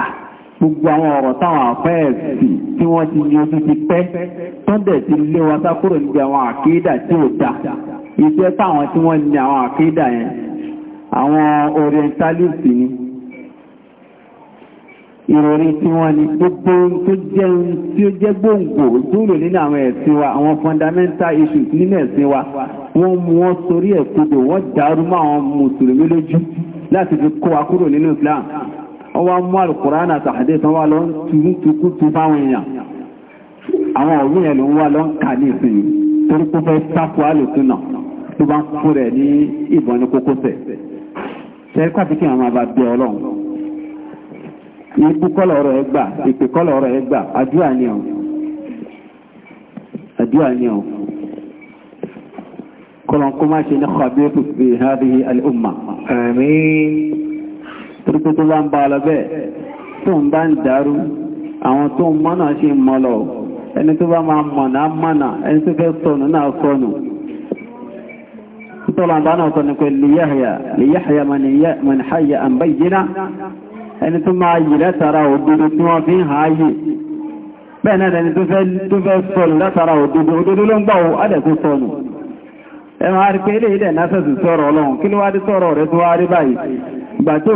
ah, gbogbo àwọn ọ̀rọ̀ táwọn àfẹ́ẹ̀sì tí wọ́n ti ní ojú ti pẹ́ tọ́ndẹ̀ ti lé wọn sá kúrò níbi àwọn àkídà tí ò dáa iṣẹ́ táwọn tí wọ́n ní àwọn àkídà yẹn àwọn orientalist ni ìròrí tí wọ́n ní gbogbo tó jẹ́ tí ó jẹ́ gbòǹgbò dúró nínú àwọn ẹ̀sìn wa àwọn fundamental issues nínú ẹ̀sìn wa wọ́n mú wọn sórí ẹ̀kúdò wọ́n dàrú mọ́ àwọn mùsùlùmí lójú láti fi kó wa kúrò nínú Islam wọ́n wá mú alùkùránà tàhàdé tán wá lọ ń tukú tu fáwọn èèyàn àwọn òwúyẹ̀ ló ń wá lọ ń kà ní ìsinyìí torí kó fẹ́ sáfù alùsùn náà tó bá ń fún rẹ̀ ní ìbọn ní kókósẹ̀ ṣe pàtí kí àwọn bá bẹ ọlọ́run ibú kọ́lọ̀ ọ̀rọ̀ ẹ gbà ìpè kọ́lọ̀ ọ̀rọ̀ ẹ gbà àdúrà ni ọ̀ àdúrà ni ọ̀ kọ́lọ̀kọ́ máa ṣe ní kọ̀bíyètò fi hadhihi al-umma àmín torípé tó bá ń bá lọ bẹ́ẹ̀ tó ń bá ń dàrú àwọn tó ń mọ́nà ṣe mọ́ lọ ẹni tó bá máa mọ̀nà mọ́nà ẹni tó fẹ́ sọnù náà sọnù tọ́lọ̀ àbá náà tọ́ni pé lèyáhìyà mọ̀nìháyà àmbá ìjìnà ẹni tó máa yìí látara òdodo tí wọ́n fi ń ha yìí bẹ́ẹ̀ náà ẹni tó fẹ́ sọ̀rọ̀ látara òdodo òdodo ló ń gbà adẹ̀kú sọnù ẹwà rí pé ilé ilẹ̀ násẹ̀sì sọ̀rọ̀ ọlọ́run kí ló wá dé sọ̀rọ̀ rẹ̀ tó wá rí báyìí gbà tó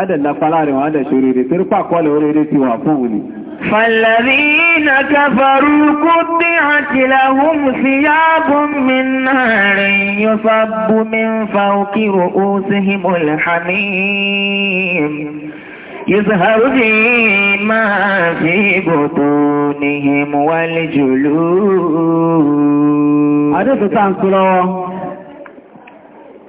adẹ̀lápá láàrin wọn adẹ̀ ṣoríire torí pàkọ́lẹ̀ oríire ti wà fún òní فالذين كفروا قطعت لهم ثياب من نار يصب من فوق رؤوسهم الحميم يظهر به ما في بطونهم والجلود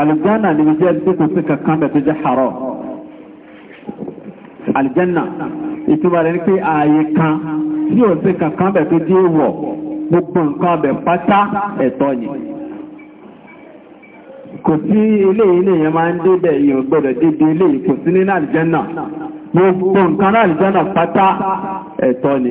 alìjánà ni jẹ́ tí kò sí kankan bẹ̀ tó jẹ́ haram alìjánà ìtumọ̀ rẹ̀ ní pé ààyè kan tí ò sí kankan bẹ̀ tó jẹ́ wọ̀ gbogbo nǹkan bẹ̀ pátá ẹ̀tọ́ ni kò sí ilé ilé yẹn máa ń débẹ̀ èèyàn gbọ́dọ̀ débi ilé kò sí nínú alìjánà gbogbo nǹkan alìjánà pátá ẹ̀tọ́ ni.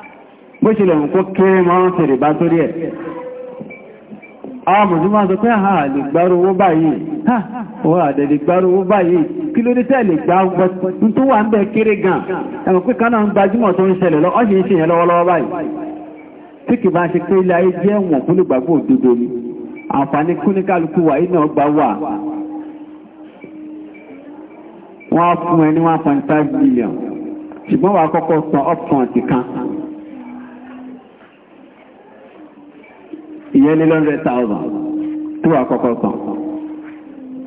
bó ṣe lẹ̀wọ̀n kó kéré máa ń fèrè bá sórí ẹ̀ àwọn mọ̀tí máa sọ pé àà lè gbárò owó báyìí wà àdẹ̀ lè gbárò owó báyìí kí ló dé tẹ́ lè gbá ọgbọ̀n tó wà ń bẹ̀ kéré gan ẹ̀mọ̀ pé kaná ń gbajúmọ̀ tó ń ṣẹlẹ̀ lọ ni àǹfààní kúníkálukú wà iná ọgbà wà wọ́n fún ẹ ní 1.5 million ṣùgbọ́n wà kọ́kọ́ san upfront kan ìyẹn ní lọ́nrẹ́ tààzà tó wà kọ́kọ́ kan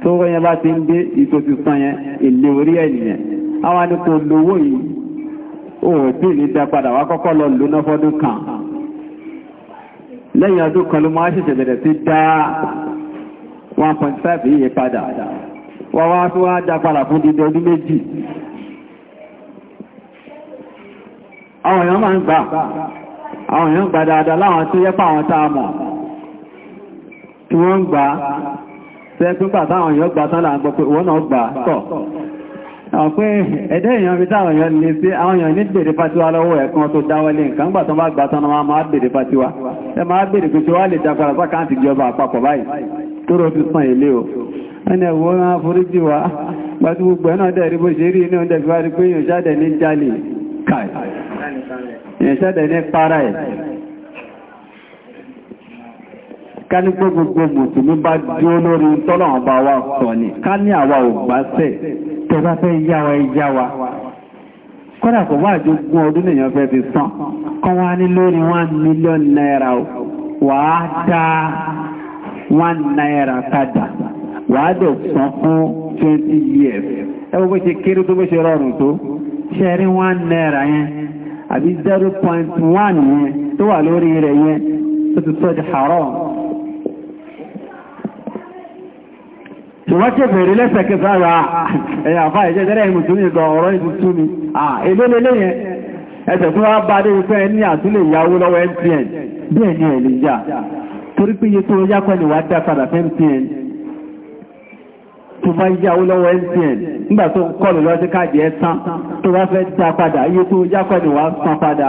tó wọ́n yẹn bá ti ń dé ìtòsí san yẹn èlé orí ẹ̀nìyàn àwọn anìkò lówó yìí ó tí ní dá padà wá kọ́kọ́ lọ lóná fọ́dún kan lẹ́yìn ọdún kan ló máa ṣẹ̀ṣẹ̀ bẹ̀rẹ̀ sí dá 1.5 yìí padà wọ́n wá tó wá dá padà fún dídé ọdún méjì àwọn èèyàn máa ń gbà àwọn èèyàn gbà dáadáa láwọn tí yẹ́pà àwọn tá a mọ̀ tí wọ́n ń gbà tẹ́ pípà táwọn èèyàn gbà tán láàgbọ́ pé wọ́n náà gbà tọ̀ àwọn pé ẹ̀dẹ́ èèyàn fi táwọn èèyàn lè sí àwọn èèyàn ní bèèrè fatiwa lọ́wọ́ ẹ̀kan tó dáwọlé nǹkan gbà tán bá gbà tán máa máa bèèrè fatiwa ẹ máa bèèrè pé tí wá lè jagbara sákàntì ìjọba àpapọ̀ báyìí tó rọ fi sàn èlé o ẹni ẹ̀wọ́ máa foríjì wá gbàtí gbogbo ẹ̀ náà dẹ̀ rí bó ṣe rí inú ọdẹ̀ fi wá rí pé èèyàn jáde ní jálè káì ìṣẹ́dẹ̀ ní para ẹ̀ ká ní gbogbo mùsùlùmí bá dúó lórí tọ́lọ̀wọ̀n bá wá sọ ní ká ní àwa ò bá sẹ̀ tẹ́bá fẹ́ yáwa yáwa kọ́dà kò wá àjógún ọdún èèyàn fẹ́ fi san kan wá ní lórí 1 million naira wà á dá 1 naira padà wà á dẹ̀ san fún 20 years ẹgbẹ́ bó ṣe kéré tó bó ṣe rọrùn tó ṣẹ́rí 1 naira yẹn àbí zero point one yẹn tó wà lórí rẹ̀ yẹn tó ti sọ di haram ṣùgbọ́n kẹfẹ̀ẹ́rí lẹ́sẹ̀kẹfẹ́ ara ẹ̀yà àfá ìjẹ́jẹ́rẹ́ ìmùsùn ní ìgbà ọ̀rọ̀ èlélélé yẹn ẹsẹ̀ tó wá bá dé wípé ní àtúlè ìyàwó lọ́wọ́ MTN bẹ́ẹ̀ ni ẹ̀ lè yà torí pé tó ni wà dá padà fẹ́ MTN tó bá yáwó lọ́wọ́ MTN nígbà tó ń kọlù lọ́dún káàdì ẹ tán tó bá fẹ́ dá padà iye tó jákọ̀dì wá san padà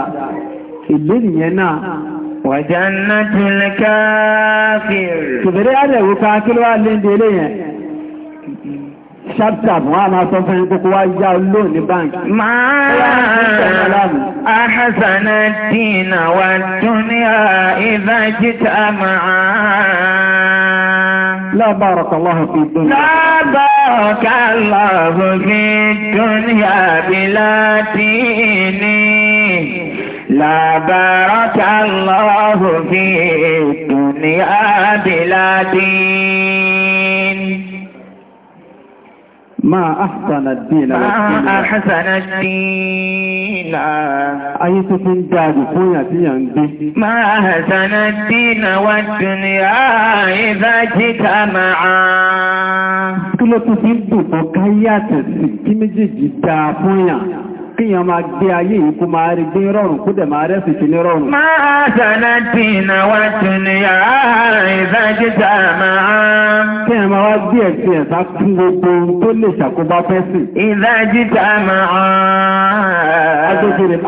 ìlú nìyẹn náà wàjánà tí lè káàkiri kìbẹ̀rẹ̀ àrẹ̀wò káàkiri wà ní لا بارك الله في الدنيا لا بارك الله في الدنيا بلا ديني لا بارك الله في الدنيا بلا دين ما أحسن الدين ما أحسن الدين أي تتنجا بكوية ينبي ما أحسن الدين والدنيا إذا جيت معا ló tún fi ń dùn bọ́ káyàtọ̀ sí kíyàn máa gbé ayé ìkú máa rí gbé rọrùn kó máa rẹ́sì ní rọrùn. máa sànà tí ìnà wá tún ní yàrá ìdájíjà máa. kíyàn máa wá gbé ẹ̀sìn ẹ̀sá fún gbogbo tó lè ṣàkóbá fẹ́sìn. ìdájíjà máa.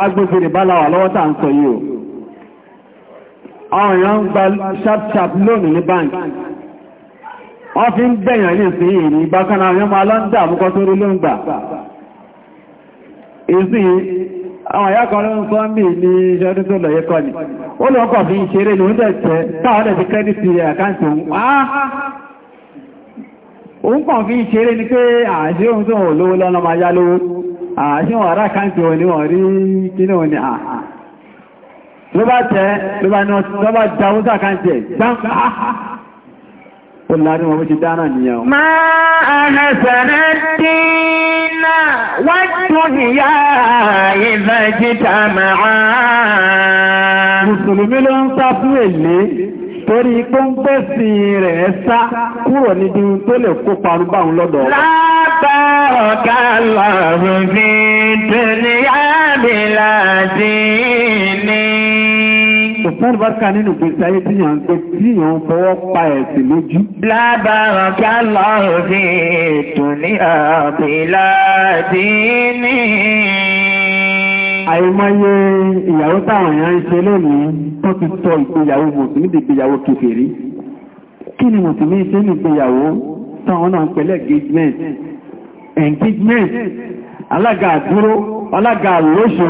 agbófinrè bá lọ́wọ́ tá à ń sọ yìí o. àwọn èèyàn ń gba lónìí ní báńkì. wọ́n fi ń bẹ̀yàn ní ìsinyìí ní bákan náà èsì àwọn ìyá kan ló ń bí ní tó lọ ni ó lọ kọ̀ fi ṣeré ní oúnjẹ tẹ́ táwọn ọ̀dẹ̀ kẹ́dìtì àkáǹtì òun kàn fi ṣeré ni pé àṣí ohun tó wọ́n lówó lọ́nà máa yá lówó àṣí wọn ará káǹtì ni wọ́n rí kíní wọn ni àà ó lárí wọn méjì dáná nìyàn. máa àhẹ́sẹ̀rẹ́ dínà wọ́n tún ìyá ìbẹ̀jìta máa. mùsùlùmí ló ń sá fún èlé torí pé ń pèsè rẹ̀ sá kúrò níbi tó lè kó parúbá lọ́dọ̀. lábẹ́ ọ̀gá lọ́rùn sálùbáríkà nínú gbèsè ayé tí yàn ń pè tí yàn ń fọwọ́ pa ẹ̀sìn lójú. lábàrà kí a lọ sí ètò ní àbílà dínì. àìmọye ìyàwó táwọn èèyàn ń ṣe lónìí tó ti sọ ìgbéyàwó mùsùlùmí di ìgbéyàwó kékeré kí ni mùsùlùmí ṣe ní ìgbéyàwó táwọn náà ń pẹ̀lẹ́ engagement engagement alága àdúró alága àlóṣò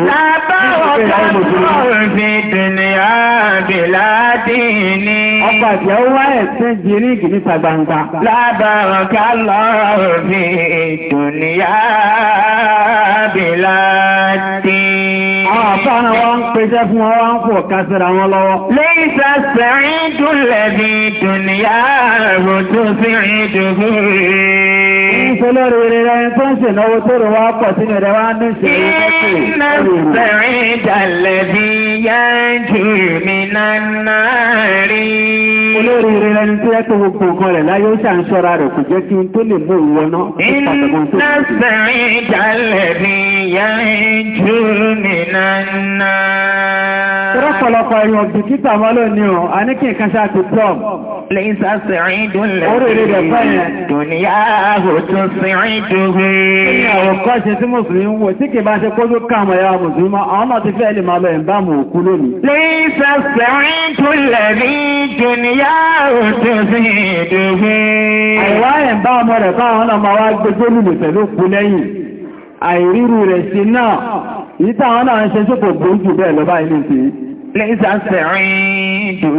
Ọkọ̀ àti ọwọ́ ẹ̀sìn jírí gìní ta gbangba. Lábàrán ká fi ìdùnnìyà bìláàdì àfáànà wá ń pèsè fún wọn wá ń pọ̀ kásìrà wọn lọ́wọ́. lẹ́yìn sàṣẹ̀ ìdún lẹ́bí dùnìyà rò tó sí ìdún Ìṣẹ́lẹ̀rẹ̀ rẹ̀ rẹ̀ tó ń ṣe náwó rẹ̀ ní ṣe rí rẹ̀ rẹ̀ tí ẹ́ tó gbogbo nǹkan rẹ̀ láyé ó ṣàǹṣọ́ra rẹ̀ kò jẹ́ kí n tó lè mú ìwọ Iná sẹ̀rẹ̀ ìdàlẹ̀ bí yá jù mí الناس Rọ́pọ̀lọpọ̀ ẹ̀yàn ọ̀gbìn títà máa lò ní ọ̀, a ní kí n kan ṣe àti plọ́m. Lẹ́yìn sàṣìrìn dúnlẹ̀ dúnìyà àhòtún sìrìn dúnlẹ̀. Ìyàwó kọ́ ṣe tí Mùsùlùmí ń wò tí kì bá ṣe kójú káàmọ̀ ya Mùsùlùmí, àwọn náà ti fẹ́ lè máa lọ ìbámu òkú lónìí. Lẹ́yìn sàṣìrìn dúnlẹ̀ dúnìyà àhòtún sìrìn dúnlẹ̀. Àìwá ìbámu rẹ̀ Èyí táwọn náà ṣe ṣe kò gbójú bẹ́ẹ̀ lọ báyìí nìsí. Lẹ́yìn sáà ń sẹ̀rin dùn.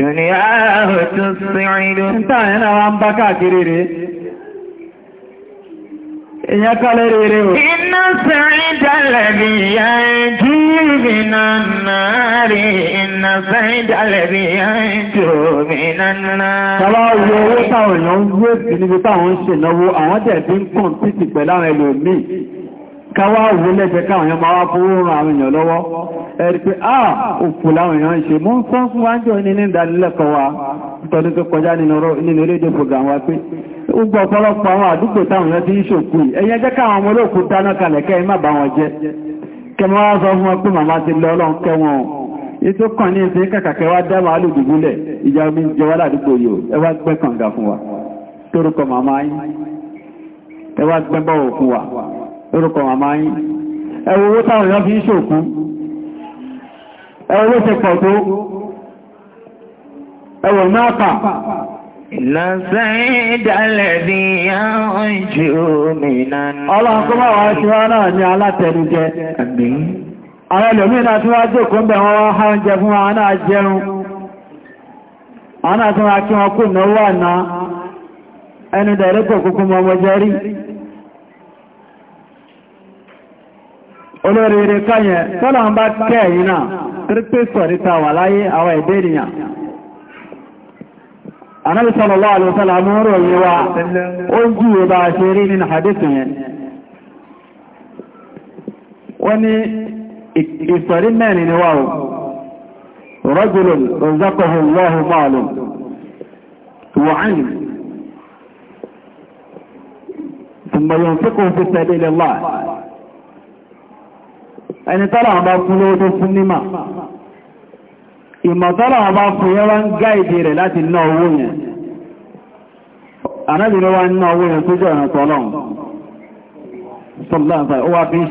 Dùnìyà òtún sí ìlú táyẹ̀ náà wọ́n bá káàkiri rẹ̀. Ìyá kálẹ̀ rẹ̀ rẹ̀ o. Iná sẹ́rin dálẹ̀ bí ìyá ẹjú ìbìnà náà rí. Iná sẹ́rin dálẹ̀ bí ìyá ẹjú ìbìnà náà. Tọ́lá owó owó táwọn èèyàn ń gbé káwà wò lẹ́gbẹ̀ẹ́ káwọn èèyàn máa wá fún oòrùn àwọn èèyàn lọ́wọ́ ẹ̀rí pé àà ah, òkú láwọn èèyàn ṣe mọ́ ń sọ fún wájọ́ ní ní ìdánilẹ́kọ̀ọ́ wa tọdún tó kọjá nínú rédíò program wa pé gbogbo ọ̀pọ̀lọpọ̀ àwọn àdúgbò táwọn èèyàn ti ń ṣòkú ẹ̀yẹ jẹ́ káwọn ọmọ olóòkú dáná kalẹ̀ kẹ́ má bà wọn jẹ́ kẹmọ́ wá sọ fún wọn gbẹ́bọ̀ òkun wa orúkọ màmá yín ẹwọ owó táwọn èèyàn fi ń ṣòkú ẹwọ owó ti tó ẹwọ náà pà àwọn ìjì wọn kú ẹnu olóríire káyẹn tọ́lá ń bá kẹ́ ẹ̀yìn náà tírípé sọ̀ríta wà láyé àwọn ẹ̀dẹ́ ènìyàn anábi sallallahu alaihi wasallam múrò yí wa ó ń júwe bá ṣe rí nínú hadith yẹn wọ́n ní ìsọ̀rí mẹ́rin ni wà ó rajulun razaqahu Allahu maalun ẹni tọ́lá wọn fún lówó fún nímà ìmọ̀ tọ́lá wọn bá fún yẹ́ wọ́n gáìdì rẹ̀ láti ná owó yẹn anábìnrin wá ná owó yẹn tó jẹ́ ọ̀nà tọ́lọ́run sọ́lọ́run ó wá fi ka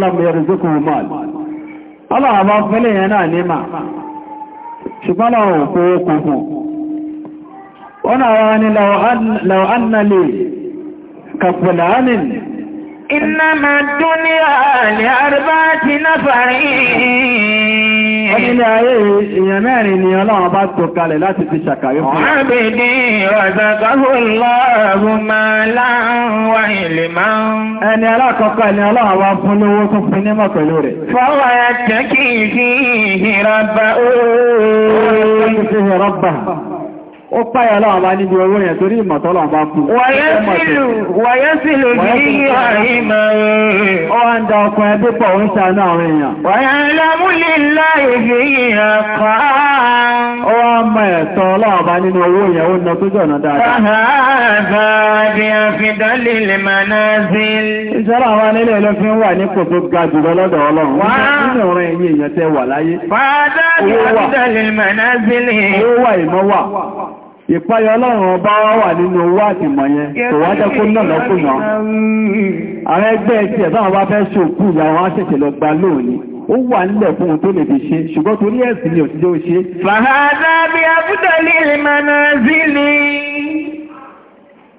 ṣẹ́sìn ọlọ́wọ́ bá fẹ́lẹ̀ yẹn náà ní ma ṣùgbọ́n lọ́wọ́ kó kùnkùn wọ́n náà wá ní lọ́wọ́ annalè kàfùlánìn iná ma dúnlẹ̀ àlẹ́ àrùbá ti náfàrí Ọdílé ayé èèyàn mẹ́rin ni Ọlọ́run bá tó kalẹ̀ láti fi ṣàkàrí fún. Àbìdí ọ̀sàkọ́hùnlọ́rùn máa láàrùn-ún ilé máa ń. Ẹni alákọ̀ọ́kọ́ ni Ọlọ́run wá fún lówó tó fún nímọ̀ pẹ̀lú rẹ̀. Fọ́wọ́ ẹ̀jẹ̀ kìí fi ìrọ̀bà ooo. Fọ́wọ́ ó páyà láwọn bá níbi owó yẹn torí ìmọ̀tọ́lọ̀ bá kú. wọ̀yẹ́ sí lò ní àìmọ̀ rẹ̀. ó wá ń da ọkùn ẹbí pọ̀ ń ṣàánú àwọn èèyàn. wọ̀yẹ́ lámúlé láì fi àkọ́. ó wá mọ ẹ̀tọ́ ọlọ́wọ́ bá nínú owó yẹn ó ná tó jọ̀nà dáadáa. bí a fi dálé lè máa ná sí. ìṣẹ́lá àwọn nílé ló fi ń wà ìpáyọ ọlọ́run ọba wà nínú owó àtìmọ̀ yẹn kò wá jẹ́ kó náà lọ́kùnà àwọn ẹgbẹ́ ẹ̀sì ẹ̀bá bá fẹ́ ṣòkú làwọn aṣẹ̀ṣẹ̀ lọ gba lónìí ó wà nílẹ̀ fún ohun tó lè fi ṣe ṣùgbọ́n torí ẹ̀sìn ni òṣìṣẹ́ ṣe. fàhádà bí abúdàlì ìmọ̀nà zílì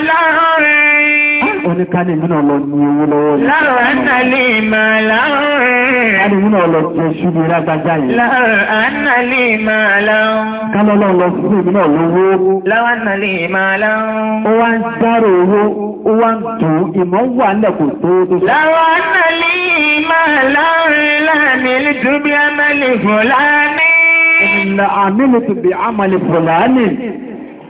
láàrin. Ó ní ká ní ìmúnà lọ ní owó lọ́wọ́ yìí. Láàrọ̀ ánàlè mà láàrin. Ká ní ìmúnà lọ sí ẹṣú ní lágbájá yìí. Láàrọ̀ ánàlè mà láàrin. Ká lọ́lọ́ lọ sí ìmúnà lówó. Láàrọ̀ ánàlè mà láàrin. Ó wá ń dárò owó, ó tó tó. Láàrọ̀ ánàlè mà láàrin láàrin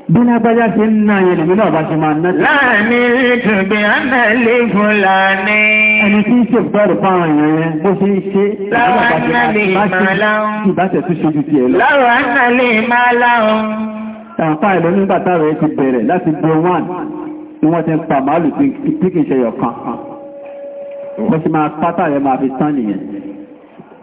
bí lágbájá ṣe ń náà yẹn lèmi náà bá ṣe máa náà. láàrin ìtùgbé àná lè fún láàní. ẹni tí ń ṣe gbọ́rù fáwọn èèyàn yẹn bó ṣe ń ṣe láwọn àná lè máa láhùn. ìbáṣẹ̀ tún ṣe ju tiẹ̀ lọ. láwọn àná máa láhùn. tàǹfà ìlú nígbà táwọn ti bẹ̀rẹ̀ láti gbé wọn ni wọ́n ti ń pa màálù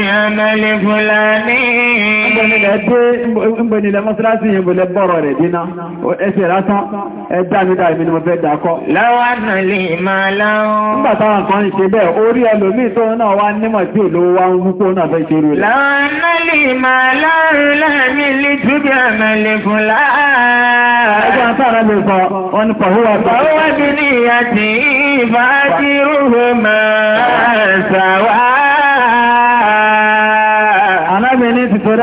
bí amẹ́lẹ́ fúlàní. ń bọ̀ nílẹ̀ mọ́sálásí yìí bọ̀lẹ̀ bọ̀rọ̀ rẹ̀ dínà ẹsẹ̀ lásán ẹgbẹ́ àmìdá ìmì ni mo fẹ́ dákọ́. lọ́wọ́ àtàlẹ̀ máa láwọn. nígbà táwọn kan ń ṣe bẹ́ẹ̀ orí ẹlòmíì tó náà wá nímọ̀ tí olówó wá ń wúkó náà fẹ́ ṣe rú ni pàhùwà tó. pàhùwà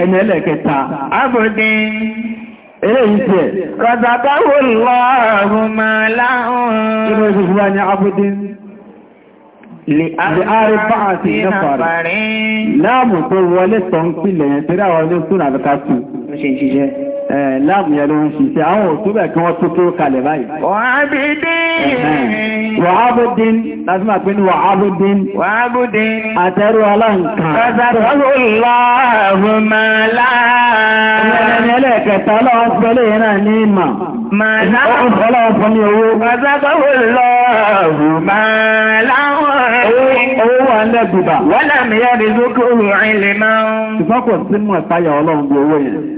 ẹni ẹlẹ́kẹta abúdí eré ìṣẹ́ kọ̀dàbáwò lọ́rùn máa láhùn ilé ìṣẹ́gbà ní abúdí لأربعة نفر láàmù tó wọlé tọ́ ń pìlẹ̀ yẹn tí ráwọ̀ ní sún láàmù yẹn ló ń ṣiṣẹ́ àwọn òtúbẹ̀ kí wọ́n tó tó kalẹ̀ báyìí. wàhábùdín láti máa pín ní wàhábùdín àtẹ́rù aláǹkà. Owó wà ń lẹ́gbùbà. Wọ́n lẹ́mìí ẹ̀rí lókòrò ìlè máa ń. Ìfọ́kọ̀ sínú ẹ̀páyà ọlọ́run bí owó yẹn.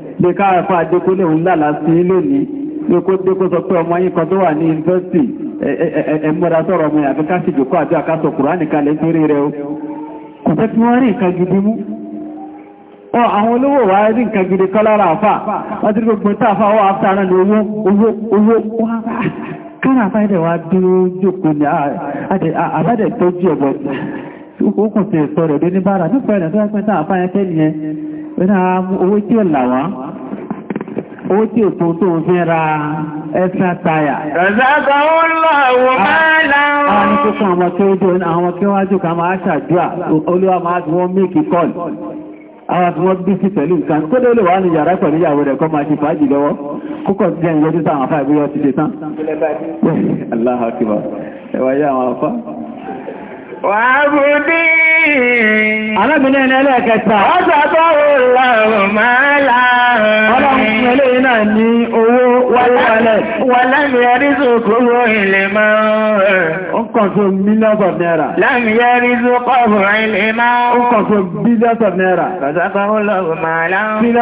bí káàrẹ̀ fún àdékó lè ń lálàá sí ní sọ pé ọmọ yín kan tó wà ní yunifásitì ẹ̀mọ́ra sọ̀rọ̀ ọmọ yàtọ̀ káṣíjòkó àti o tí ọ wa ó rẹ̀ ní bára tó ra owó tí ó là wọ́n owó tí ó fún tó ń fi ra ẹ́sà táyà rọ̀zága ó lọ́wọ́ máa láwọ́ àwọn ní kíkọ́ ọmọ tí ó jọ àwọn kí wájú ká máa ṣàdúrà olúwa máa tí wọ́n mìíkì kọlù àwọn tí wọ́n bí sí pẹ̀lú nǹkan kó lè wà ní yàrá pẹ̀lú ìyàwó rẹ̀ kọ́ máa ṣe fàájì lọ́wọ́ kókọ̀ sí ẹ̀yìn lọ́jọ́ sáwọn afá ìbúyọ́ ti ṣe tán. ẹwà yá àwọn afá Wàbùdí. Alábìnrin ẹni ẹlẹ́ẹ̀kẹta. Ọjọ́ àtọ́rọ lọ́rùn máa láàrín. Ọlọ́run eléyìí náà ní owó wáyéwálẹ̀. Wà láàmì ẹrísù kúrò ilé máa ń. Ó kàn tó mílíọ̀nù náírà. Láàmì ẹrísù kọ̀ọ̀rọ̀ ilé máa ń. Ó kàn tó bílíọ̀nù náírà. Ọjọ́ àtọ́rọ lọ́rùn máa láàrín. Bílíọ̀nù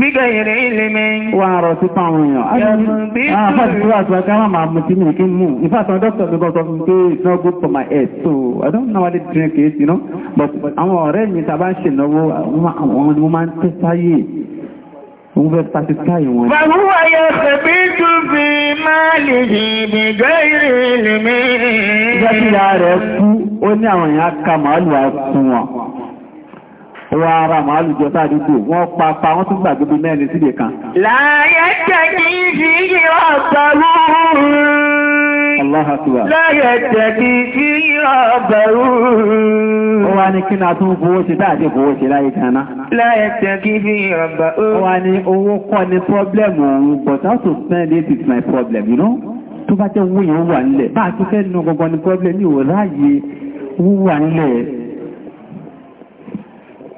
Bígẹ̀yìnrì ìlìmí. Wà rọ̀ sí pàwọn èèyàn. Àwọn afọ́sí wà sí ọjọ́ máa mú tí mi kí In fact, àwọn dọ́kítọ̀ mi kọ́ it's not good for my head. So, I don't know drink it, you know. But àwọn ọ̀rẹ́ mi tàbá ń ṣe ìnáwó, àwọn ni mo máa ń tẹ́ sáyé. Òun wọ́n ara màálù jọ sáàdúgbò wọ́n pa pa wọ́n tún gbàgbébí mẹ́rin sílẹ̀ kan. láyé jẹ́ kí sí ọ̀pọ̀ lóòrùn láyé jẹ́ kí sí ọ̀pọ̀ lóòrùn ó wá ní kí náà tún fowó jẹ́ owó kọ́ but how to spend is my problem you know tó bá jẹ́ wúyàn wà nílẹ̀ bá a ti fẹ́ nu gbogbo ni problem yóò ráyè wúwà nílẹ̀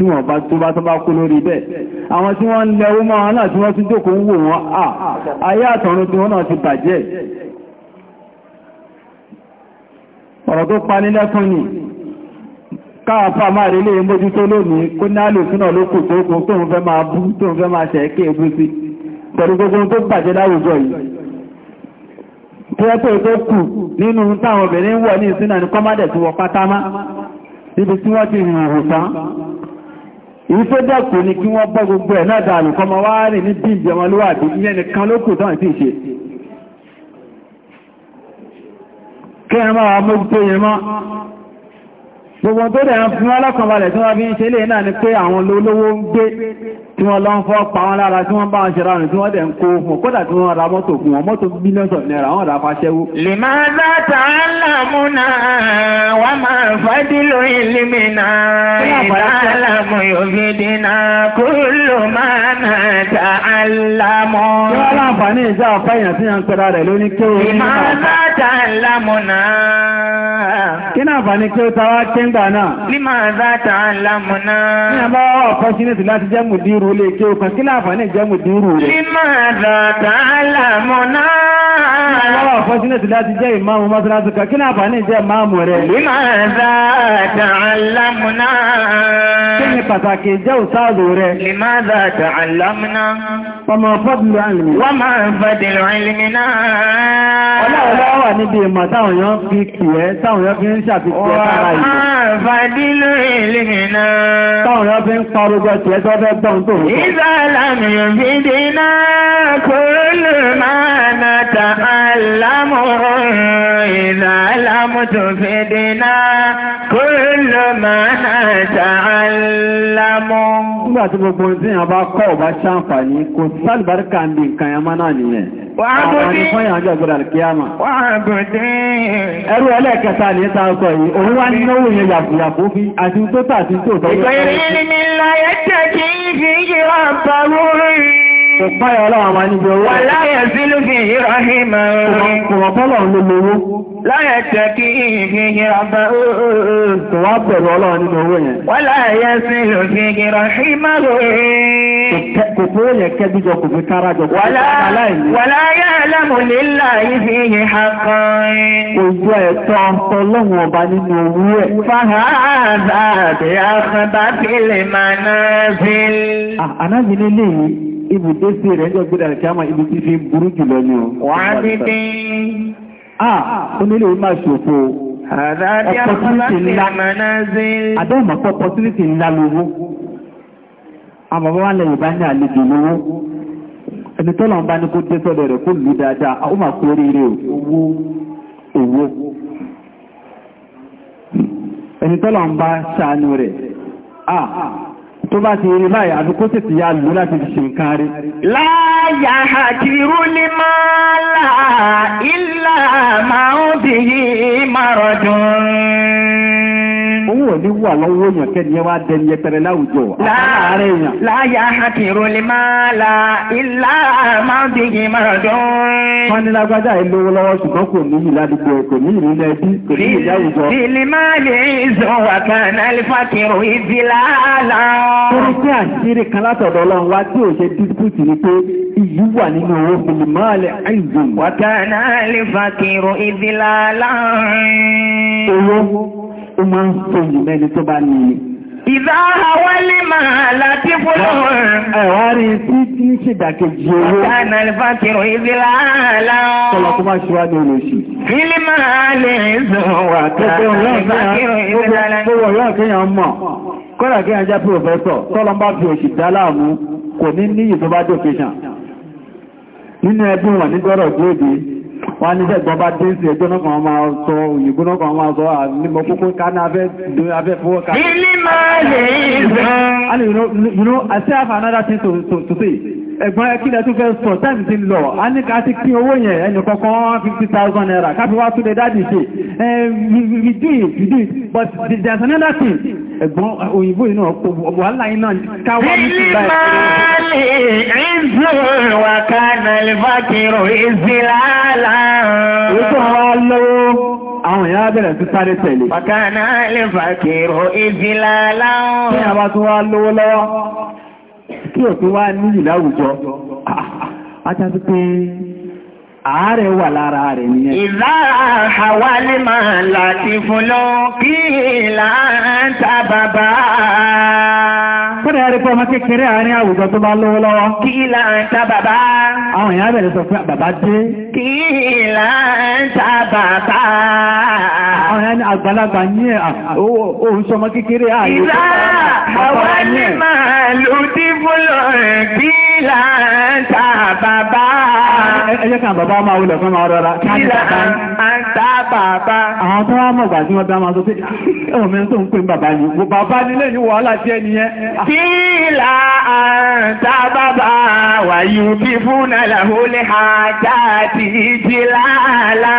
tí wọ́n bá tó bá tó bá kó lórí bẹ́ẹ̀ àwọn tí wọ́n ń lẹ ọmọ wọn náà tí wọ́n tún jókòó ń wò wọ́n à ayé àtọ̀run tí wọ́n náà ti bàjẹ́ ọ̀rọ̀ tó pa nílẹ́kùn ni káàpá máa rí lè mójútó lónìí kó ní àlòsínà ló kù tó kún tóun fẹ́ máa bú tóun fẹ́ máa ṣẹ̀ẹ́kẹ́ ebú sí pẹ̀lú gbogbo tó bàjẹ́ láwùjọ yìí pẹ́ẹ̀tọ́ tó kù nínú táwọn obìnrin wọ̀ ní ìsínà ní kọ́mádẹ̀ tí wọ pátámá níbi wọ́n ti rìn òhùn ìwí tó dẹ̀kù ni kí wọ́n bọ́ gbogbo ẹ̀ náà dànù kọmọ wá rìn ní bíbí ọmọlúwàbí ìyẹn nìkan ló kù tán sí ìṣe kí ẹ máa mọ́ gbogbo tó dẹ̀ ń fún ọlọ́kànbalẹ̀ tí wọ́n fi ń ṣe lè náà ni pé àwọn olówó ń gbé tí wọ́n lọ ń fọ́ pa wọn lára tí wọ́n bá wọn ṣẹ̀ránù tí wọ́n dẹ̀ ń kó fún kódà tí wọ́n ra mọ́tò fún wọn mọ́tò bílíọ̀nù náírà wọ́n rà fàṣẹ́wó. lèmọ́dá tààlàmúnà wà máa fàdílò ìlímìnà ìtàlàmù yòfìdínà kúlò tààlàmù. Kí náà fà ní kí ó tawá kí ń gbà náà? Límọ̀ àzáta alámúná. Ní àbá ọ̀pọ̀ sí ní láti jẹ́ mùdírù lè kí ó kàn kí láàfà ní jẹ́ mùdírù rẹ̀. Límọ̀ àzáta fọ́sínẹ̀tì láti jẹ́ ìmáàmù mọ́sánásù kan kí náà bá ní jẹ́ máàmù rẹ̀. Lima za ta'allamna. Kí ni pàtàkì jẹ́ òsáàlù rẹ̀? Lima za ta'allamna. Ọmọ fọ́dùlù àlùmí. Wọ́n máa ń fọ́dùlù àlùmí náà. Ọlọ́ọ̀lọ́ wà níbi ìmọ̀ táwọn yọ fi kì ẹ́, táwọn yọ fi ń ṣàfihàn kára ìlú. Wọ́n máa ń fọ́dùlù àlùmí náà. Táwọn yọ fi ń parúgbọ́ tiẹ̀ tó fẹ́ gbọ́n tó. Ìzàlámì yóò fi dín náà kúrò lè máa. نتعلم إذا لم تفدنا كل ما نتعلم Nígbà tí gbogbo tí yàn bá kọ́ ọ̀bá ṣàǹfàní kò sálùbáríkà ń bí nǹkan yàmá náà nìyẹn. Àwọn ìfọ́n yàn jọ gbọ́dà kíyàmà. Ẹrù ẹlẹ́ẹ̀kẹta ní ta ọkọ̀ yìí, òun wá nínú yẹn yàfùyàfú fi ní Kò páyọ̀ ọlọ́wà máa níbi owó. Wà láyẹ̀ sí lókè ìhìrọ̀ ìmọ̀ orin. Kò wọ́n bọ́lọ̀ ló lówó. Láyẹ̀ tẹ̀ kí ìhìn ìhìrọ̀ bá ooo. Kò wá bẹ̀rù ọlọ́wà nínú owó yẹn. Wà láyẹ̀ sí lókè ìhìrọ̀ ìmọ̀ fi kára jọ. Wà láyẹ̀ alámù nílà ìfi ìhìn ibùdó sí rẹ̀ jọ gbé kí a máa ibi tí burú jùlọ ni o. wọ́n á ti dín. a onílé yìí máa ṣòfò opportunity ńlá lówó àmọ́ wà lẹ́yìn bá ní àlejò lówó ẹni tọ́lọ̀ ń bá ní kó dé rẹ̀ kó lù dáadáa ó máa kó oríire owó owó ẹni tọ́lọ̀ ń bá ṣàánú rẹ̀ tó bá ti rí báyìí àdúkó sì ti yá lò láti fi ṣe nǹkan rí. láyà àkìrú ní máa là ilà máa ń bìí márọ̀dún ò ní wà lọ́wọ́ èèyàn kẹ́ni ẹ wá dẹni ẹpẹrẹ láwùjọ àárẹ̀ èèyàn. láyà àkìrò lè máa la ilá máa ń bí yìí máa dùn. wọ́n ní lágbájá yìí lówó lọ́wọ́ ṣùgbọ́n kò ní yìí ládùúgbò kò ní yìí nílẹ̀ ẹbí kò ní yìí láwùjọ. ìlì máa lè zọ wàkà náà lè fàkìrò ìdí láàlá. torí pé àṣírí kan látọ̀dọ̀ ọlọ́run wá tí ò ṣe dísítì ni pé ìyí wà nínú owó ìlì máa lè àìzùn. wàkà náà lè fàkìrò ìdí láàlá. owó ó máa ń tó yìí mẹ́ni tó bá ní ilé. Ìdá máa láti fúlọ̀. Ẹ̀wà rí sí tí ń ṣe ìdàkejì owó. Ọ̀tá ìfà kìrò ìdí láàlá. tó máa ṣe olóṣù. Ilé máa lè zùn wà tọ́lá ìfà kìrò bá fi òṣì dá láàmú, kò ní ní ìfọ́bá dókèṣàn. Nínú ẹbí wọn ní gbọ́dọ̀ wọ́n ní sẹ́gbọ́n bá dé sí ẹjọ́ náà kan máa sọ òyìnbó náà kan máa sọ àníbọ̀ kókó káná abẹ́ fọwọ́ ká. máa lè ṣe. you know, I still have another thing to, to say ẹ̀gbọ́n ẹkílẹ̀ tó fẹ́ sọ táìmì tí lọ a ní ká ti pín owó yẹn ẹni kọ̀ọ̀kan 50,000 naira káfí wá lè dájì ṣe àwọn lọ́wọ́ bẹ̀rẹ̀ sí sáré tẹ̀lé. Bàkánà lè fàkèrò ìzìlá láwọn. Tí a bá tún wá lówó lọ́wọ́, kí òkú wá níyì láwùjọ àtàbí pé ààrẹ wà lára rẹ̀ nìyẹn ìlà àwálé ma láti fún lọ kí ìlà ń ta bàbá kọ́dà yàrí pọ́ ọmọ kékeré àárín àwùjọ tó bá lówó lọ́wọ́. kí là ń ta bàbá. àwọn èèyàn bẹ̀rẹ̀ sọ pé bàbá dé. kí là bàbá. àwọn èèyàn àgbàlagbà ní ẹ̀ òun sọ ọmọ kékeré àárín. ìlà àwa ni màálù tí fúlọ̀ rẹ̀ kí Kílà ń ta bàbá. Ẹ jẹ́ ká bàbá máa wulẹ̀ fún máa rọra. Kílà ń ta bàbá. Àwọn tó wá mọ̀ gbà tí wọ́n dá máa sọ pé ẹ̀wọ̀n mi tó ń pè bàbá yìí. Bàbá nílé ní wàhálà jẹ́ nìyẹn. Kílà ń ta bàbá wà yóò bí fún àlàhólé àjà àti ìjìlá àlá.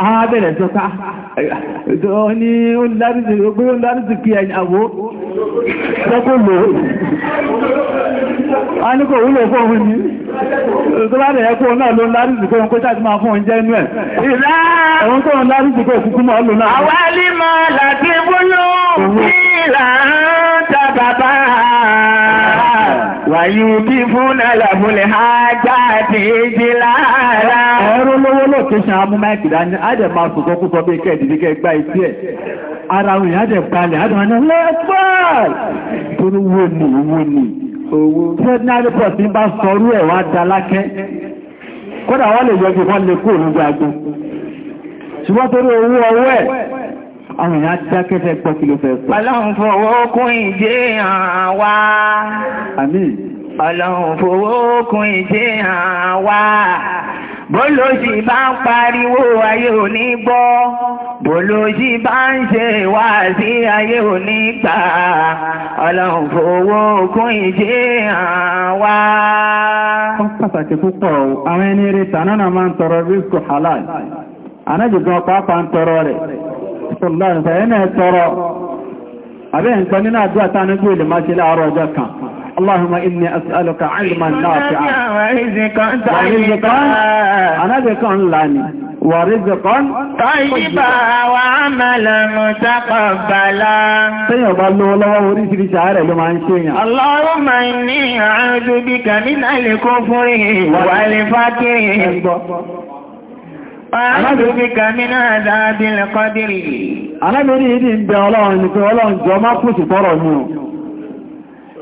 Àwọn abẹ́rẹ̀ sọ ká. Ó ní ó ń kí ẹ̀yàwó. Sọ́kò lò a ní kò wúlò fún òun ní tó ẹkùn náà ló lárí ìsìnkú ohun kó jáde máa fún oúnjẹ inú ẹ̀ ìlà ohun lárí ìsìnkú òkúkú mọ́ lò náà àwálí láti búlú ìlà ara ẹ̀rọ lówó lòkèṣàn amúmáìkì dání àjẹ̀ máa sùkọ́ kú sọ bí kẹ́ẹ̀dìdíkẹ́ gbá owó fẹ́dínálì pọ̀ tí bá sọrú ẹ̀ dalákẹ́ kódà wọ́n lè yọjú wọ́n lè kúrò nígbà agbó ṣùgbọ́n torí owó ọwọ́ ẹ̀ àwọn èèyàn dákẹ́fẹ́ pọ̀ ló fẹ́ sọ ọlọ́run fowó kún hàn wá bólójì bá ń pariwo ayé òní gbọ́ bólójì bá ń ṣe wá sí ayé òní gbà ọlọ́run fowó kún hàn wá. ó pàtàkì púpọ̀ àwọn ẹni rí tànánà máa ń tọrọ rísíkù halal anájùgbọ́n pàápàá ń tọrọ rẹ̀ sọ̀rọ̀ ẹ̀yẹ́ náà tọrọ àbẹ́ nǹkan nínú àdúrà tánú bí olè máa ṣe láàárọ̀ ọjọ́ kan اللهم إني أسألك علما نافعا ورزقا أنا ذكر لاني ورزقا طيبا وعملا متقبلا طيب الله ورزق شعر لما انشينا اللهم إني أعوذ بك من الكفر والفقر أعوذ بك من عذاب القدر أنا مريد إن بي الله إنك الله جمع كتب رمو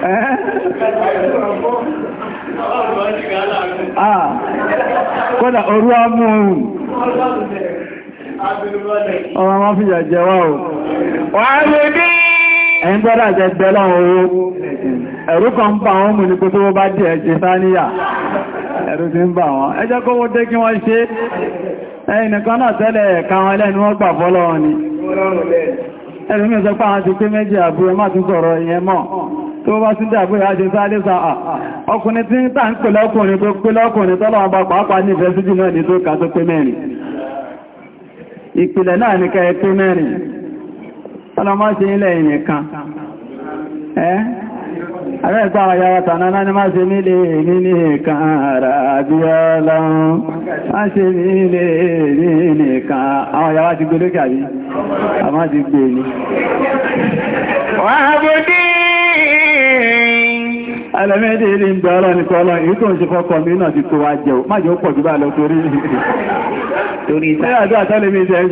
Eh? Ah. kódà orú amú ohun ọmọ fi yà jẹ o wà bí ẹ̀yìn gbọ́dà jẹ gbẹ́lá owó kan bá wọn mú ní kó tó bá dẹ̀ ẹ̀jẹ̀ sáníyà ẹ̀rù ń wọn ẹjẹ́ kó wó dé kí wọ́n ṣe ẹ̀yìn nìkan náà tẹ́lẹ̀ ẹ̀ka wọn lẹ́nu ni tó bá tún dàgbé si sáré sáà ọkùnrin tí ń tà ń pè lọ́kùnrin tó pé lọ́kùnrin tọ́lọ́ ọba pàápàá ní ìfẹ́ náà ní tó kà tó pé mẹ́rin ìpìlẹ̀ náà ní ká pé mẹ́rin ọlọ́mọ́ ṣe ilẹ̀ ẹlẹ́mẹ́dé ilé ń gbẹ ọlọ́nìkọ́ ọlọ́nì yìí tó ń ṣe fọ́kọ́ mi náà ti tó wá má pọ̀ lọ torí torí ẹgbẹ́ rẹ̀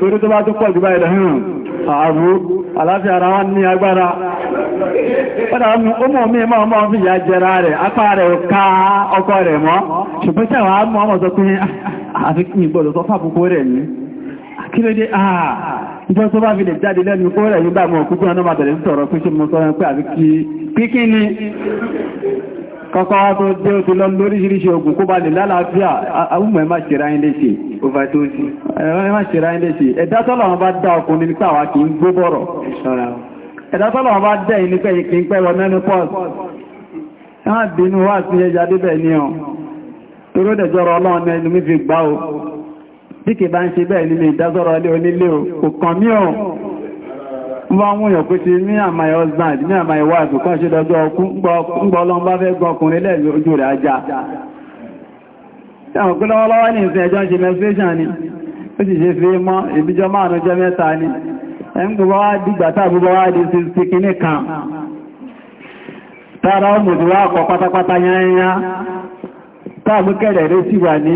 torí tó bá tó ìjọ tó bá fi lè jáde lẹ́nu kó rẹ̀ nígbà mọ̀ kúkú ọ̀nà bàbẹ̀rẹ̀ ń sọ̀rọ̀ pín ṣe mọ́ sọ́rọ̀ pé àbí kíkí ni kọ́kọ́ tó dé ó ti lọ lóríṣìíríṣìí ogun kó bá lè lálàáfíà àwùmọ̀ ẹmá ṣe ráyín léṣe overdose ẹmá ṣe ráyín léṣe ẹ̀dá tọ́lọ̀ wọn bá dá ọkùnrin nípa àwá kì í gbó bọ̀rọ̀ ẹ̀dá tọ́lọ̀ wọn bá dẹ̀ ìnípẹ́ bí kì bá ń ṣe bẹ́ẹ̀ nílé ìdásọ́rọ̀ ilé onílé kò kàn mí ò wọ́n mú yàn pé ti ní àmà husband ní àmà wife kan ṣe dọ́jọ́ ọkú ńgbọ́ ọlọ́run bá fẹ́ gan ọkùnrin lẹ́yìn ojú rẹ̀ ajá ẹ̀wọ̀n pé lọ́wọ́lọ́wọ́ sí wà ní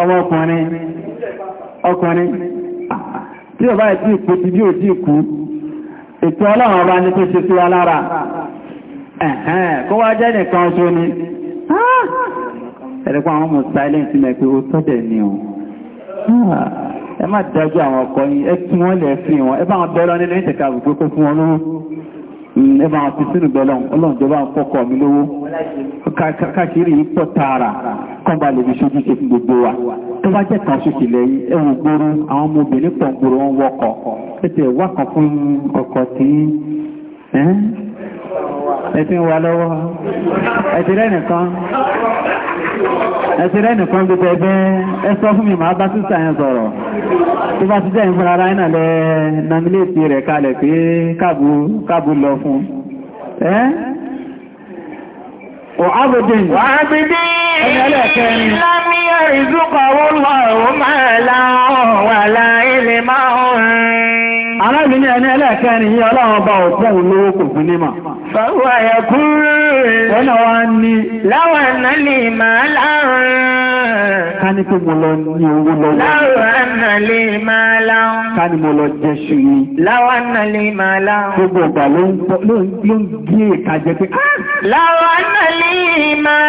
ọmọkùnrin ọkùnrin tí ọba ìtí ìkú ti bí ò tí ìkú ètò ọlọ́run ọba ní tó ṣe sí wa lára ẹ̀hẹ́n kó wá jẹ́ nìkan ṣó ni ẹ̀rẹ́kọ́ àwọn ọmọ silence mẹ́pẹ́ ó tọ́jẹ̀ ni o ẹ má dájú àwọn ọkọ̀ yìí ẹ kí wọ́n lẹ̀ fi wọn ẹ bá wọn bẹ́rọ nínú ìtẹ̀kà àbùkù kó fún wọn lówó ẹ máa fi sínú bẹ́lọ́n ọlọ́njọba fọ́kọ̀ mi lówó káàkiri yìí pọ̀ tààrà kọ́nbà lè fi ṣojú ṣe fún gbogbo wa tó bá jẹ́ kan ṣoṣì lẹ́yìn ẹ̀wọ̀n gbòòrò àwọn ọmọbìnrin pọ̀ gbòòrò wọn wọkọ̀ ètò ẹ̀wà kan fún ọkọ̀ tí ẹ̀ ti ń wa lọ́wọ́ ẹ̀ ti rẹ́ nìkan ẹ̀sẹ̀rẹ́ nìkan gbogbo ẹgbẹ́ ẹ fún mi máa bá sísà yẹn sọ̀rọ̀ tó bá ti jẹ́ ìfúnra ara iná lẹ nàmílẹ́tì rẹ̀ kalẹ̀ pé káàbù lọ fún ẹ́ ẹni ẹlẹ́ẹ̀kẹ́rin ọlọ́run bá òpó òun kò fún wọ́n náà wá ní láwọn ẹ̀nà lè máa láàrùn ká ní pé mo lọ ní owó lọ́wọ́ láwọn ẹ̀nà lè máa láàrùn ká ní mo lọ jẹ ṣù yìí láwọn ẹ̀nà lè máa láàrùn gbogbo ọ̀gbà ló ń gé ìkàjẹ́ pé ah! láwọn ẹ̀nà lè máa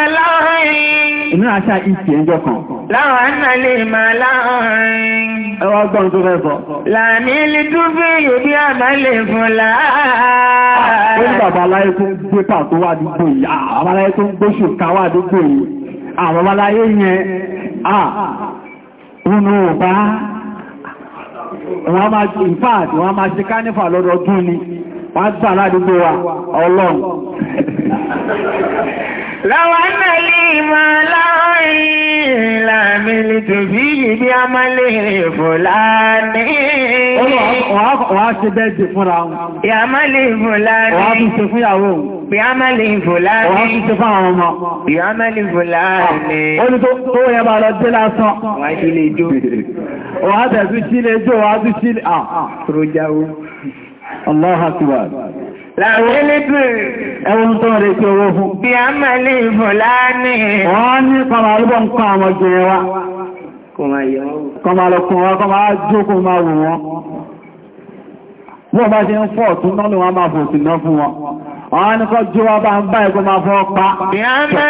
Láwọn náà lè bàbá láyé tó ń gbé pàtó wà ní àdúgbò yìí àwọn aláyé tó ń gbóṣù káwà àdúgbò yìí àwọn aláyé yẹn à ọ̀nà ọ̀bá wọ́n máa jẹ́ kánífà lọ́dọọdún ni wọ́n gbà ládùúgbò wa ọlọ́run láwọn náà lè máa láàrin láàmìlì tó fi yìí bí a máa lè rìn fòláàní wọ́n á ṣe bẹ́ẹ̀dì fúnra wọn bí a máa lè fòláàní wọ́n á fi ṣe fún ìyàwó bí a máa lè fòláàní wọ́n á fi ṣe fún àwọn ọmọ bí a máa lè fòláàní ó ní tó yẹ bá lọ dé lásán wọ́n á ṣílé ijó wọ́n á tẹ̀sí sílé ijó wọ́n á tún sílé à Allahu Akbar. Láwé lébè. Ẹwọ́n tó rẹ̀ tí owó fún. Bí a máa lè bọ̀ láàánì. Wọ́n ní kọmà rúbọ̀ ń kọ́ ọmọ jẹrẹ wa. Kọmà lọkùn wa, kọmà jókò máa wù wọn. Wọ́n bá ṣe ń fọ́ ọ̀tún náà ni wọ́n máa fò sí fún wọn. Wọ́n ní kọ́ jó wa bá ń bá ẹ̀kọ́ máa fọ́ pa. Bí a máa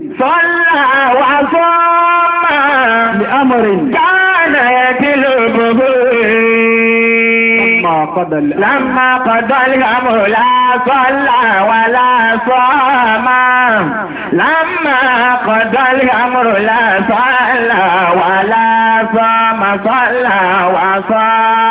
صلى وصام لأمر كان يطلبه لما قضى لما قضى الأمر لا صلى ولا صام لما قضى الأمر لا صلى ولا صام صلى وصام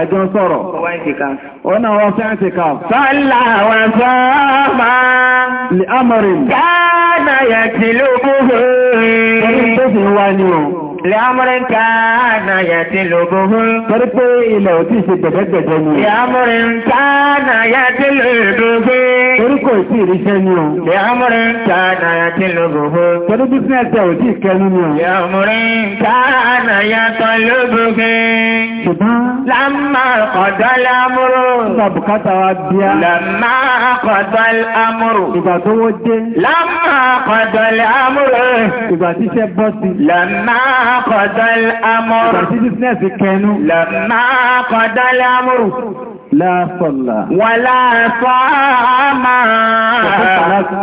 àjọ sọ̀rọ̀. Ọ̀nà wọn fẹ́ ti kà. Sọ́là wọn fọ́ máa. Lè ámọ̀rin. Gáà náà yẹ ti ló mú Lẹ́àmúrin káàna yàtí lògóhún. Torí pé ilẹ̀ ò tí ì ni. Lẹ́àmúrin káàna yàtí lògóhún. Torí kò tí ì ríṣẹ́ ni o. Lẹ́àmúrin káàna yàtí lògóhún. Torí bísínẹ́sì ò tí ì kẹnu ni o. Lẹ́àmúrin káàna yàtọ̀ lògóhún. Ṣùgbọ́n. Lámà kọ̀dọ̀ lámúrò. Nígbà bọ́ sí. Lámà kọ̀dọ̀l amúrù. Ìgbà tí bísínẹ́sì kẹnu. Lọ́mà kọ̀dọ̀l amúrù. Láàfọ̀lá. Wà láàfọ̀ọ́mà.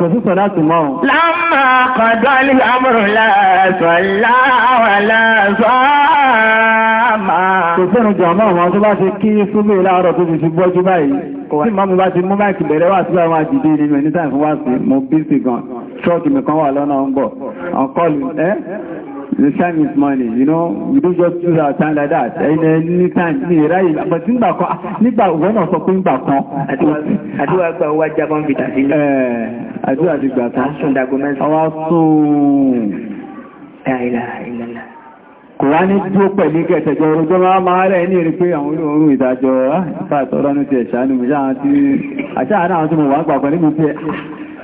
Kò sí sọ̀dá tù mọ́. Lọ́mà kọ̀dọ̀l amúrù láàfọ̀lá wà láàfọ̀ọ́mà. Kò sẹ́nu jọ̀mọ́ àwọn tó bá ṣe kí bá ti mú báyìí bẹ̀rẹ̀ wà sí àwọn àjìdí nínú ẹni táì wá sí mo bí sí gan. Ṣọ́ọ̀kì mi wà lọ́nà ń Ọ̀kọ́lù ẹ́. The time is money, you know, We don't just use our time like that. And then any time, ní ìrá yìí, but nígbà kan, nígbà ìwọ́n náà sọ I do kan. Àdúrà gba owó ajá kan fìdá sí. Eh, Àdúrà ti gbà tán. Àṣùndàgbò mẹ́sàn. Ọwá sùn. Láìlà ìlàlà. Kùránì dúró pẹ̀lú kẹtẹ̀jọ orúgbọ́ máa máa rẹ̀ ní èrè pé àwọn olóòrùn ìdájọ́ ah, ìfàtọ́rọ́ ní ti ẹ̀ṣánú, àṣà àárín àwọn tí mo wà gbàgbọ́ nínú ti ẹ̀.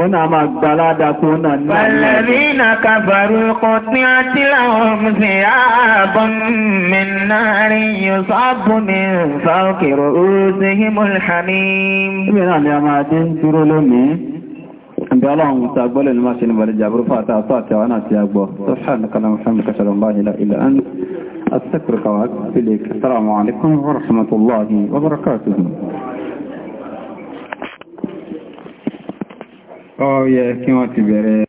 ó náà máa gba aládàkú náà náà. Bàlẹ̀rí na kàfàrú kò tí a tí láwọn mùsì ààbọ̀n mi náà rí yóò sọ́bù mi fàókèrò oóṣe himulhami. Ibi náà ni a máa dín dúró lónìí. Ibi aláwọn ta gbọ́lẹ̀ ní máa ṣe ní bàlẹ̀ jàbúrú fàtà Ó yẹ kí wọ́n ti bẹ̀rẹ̀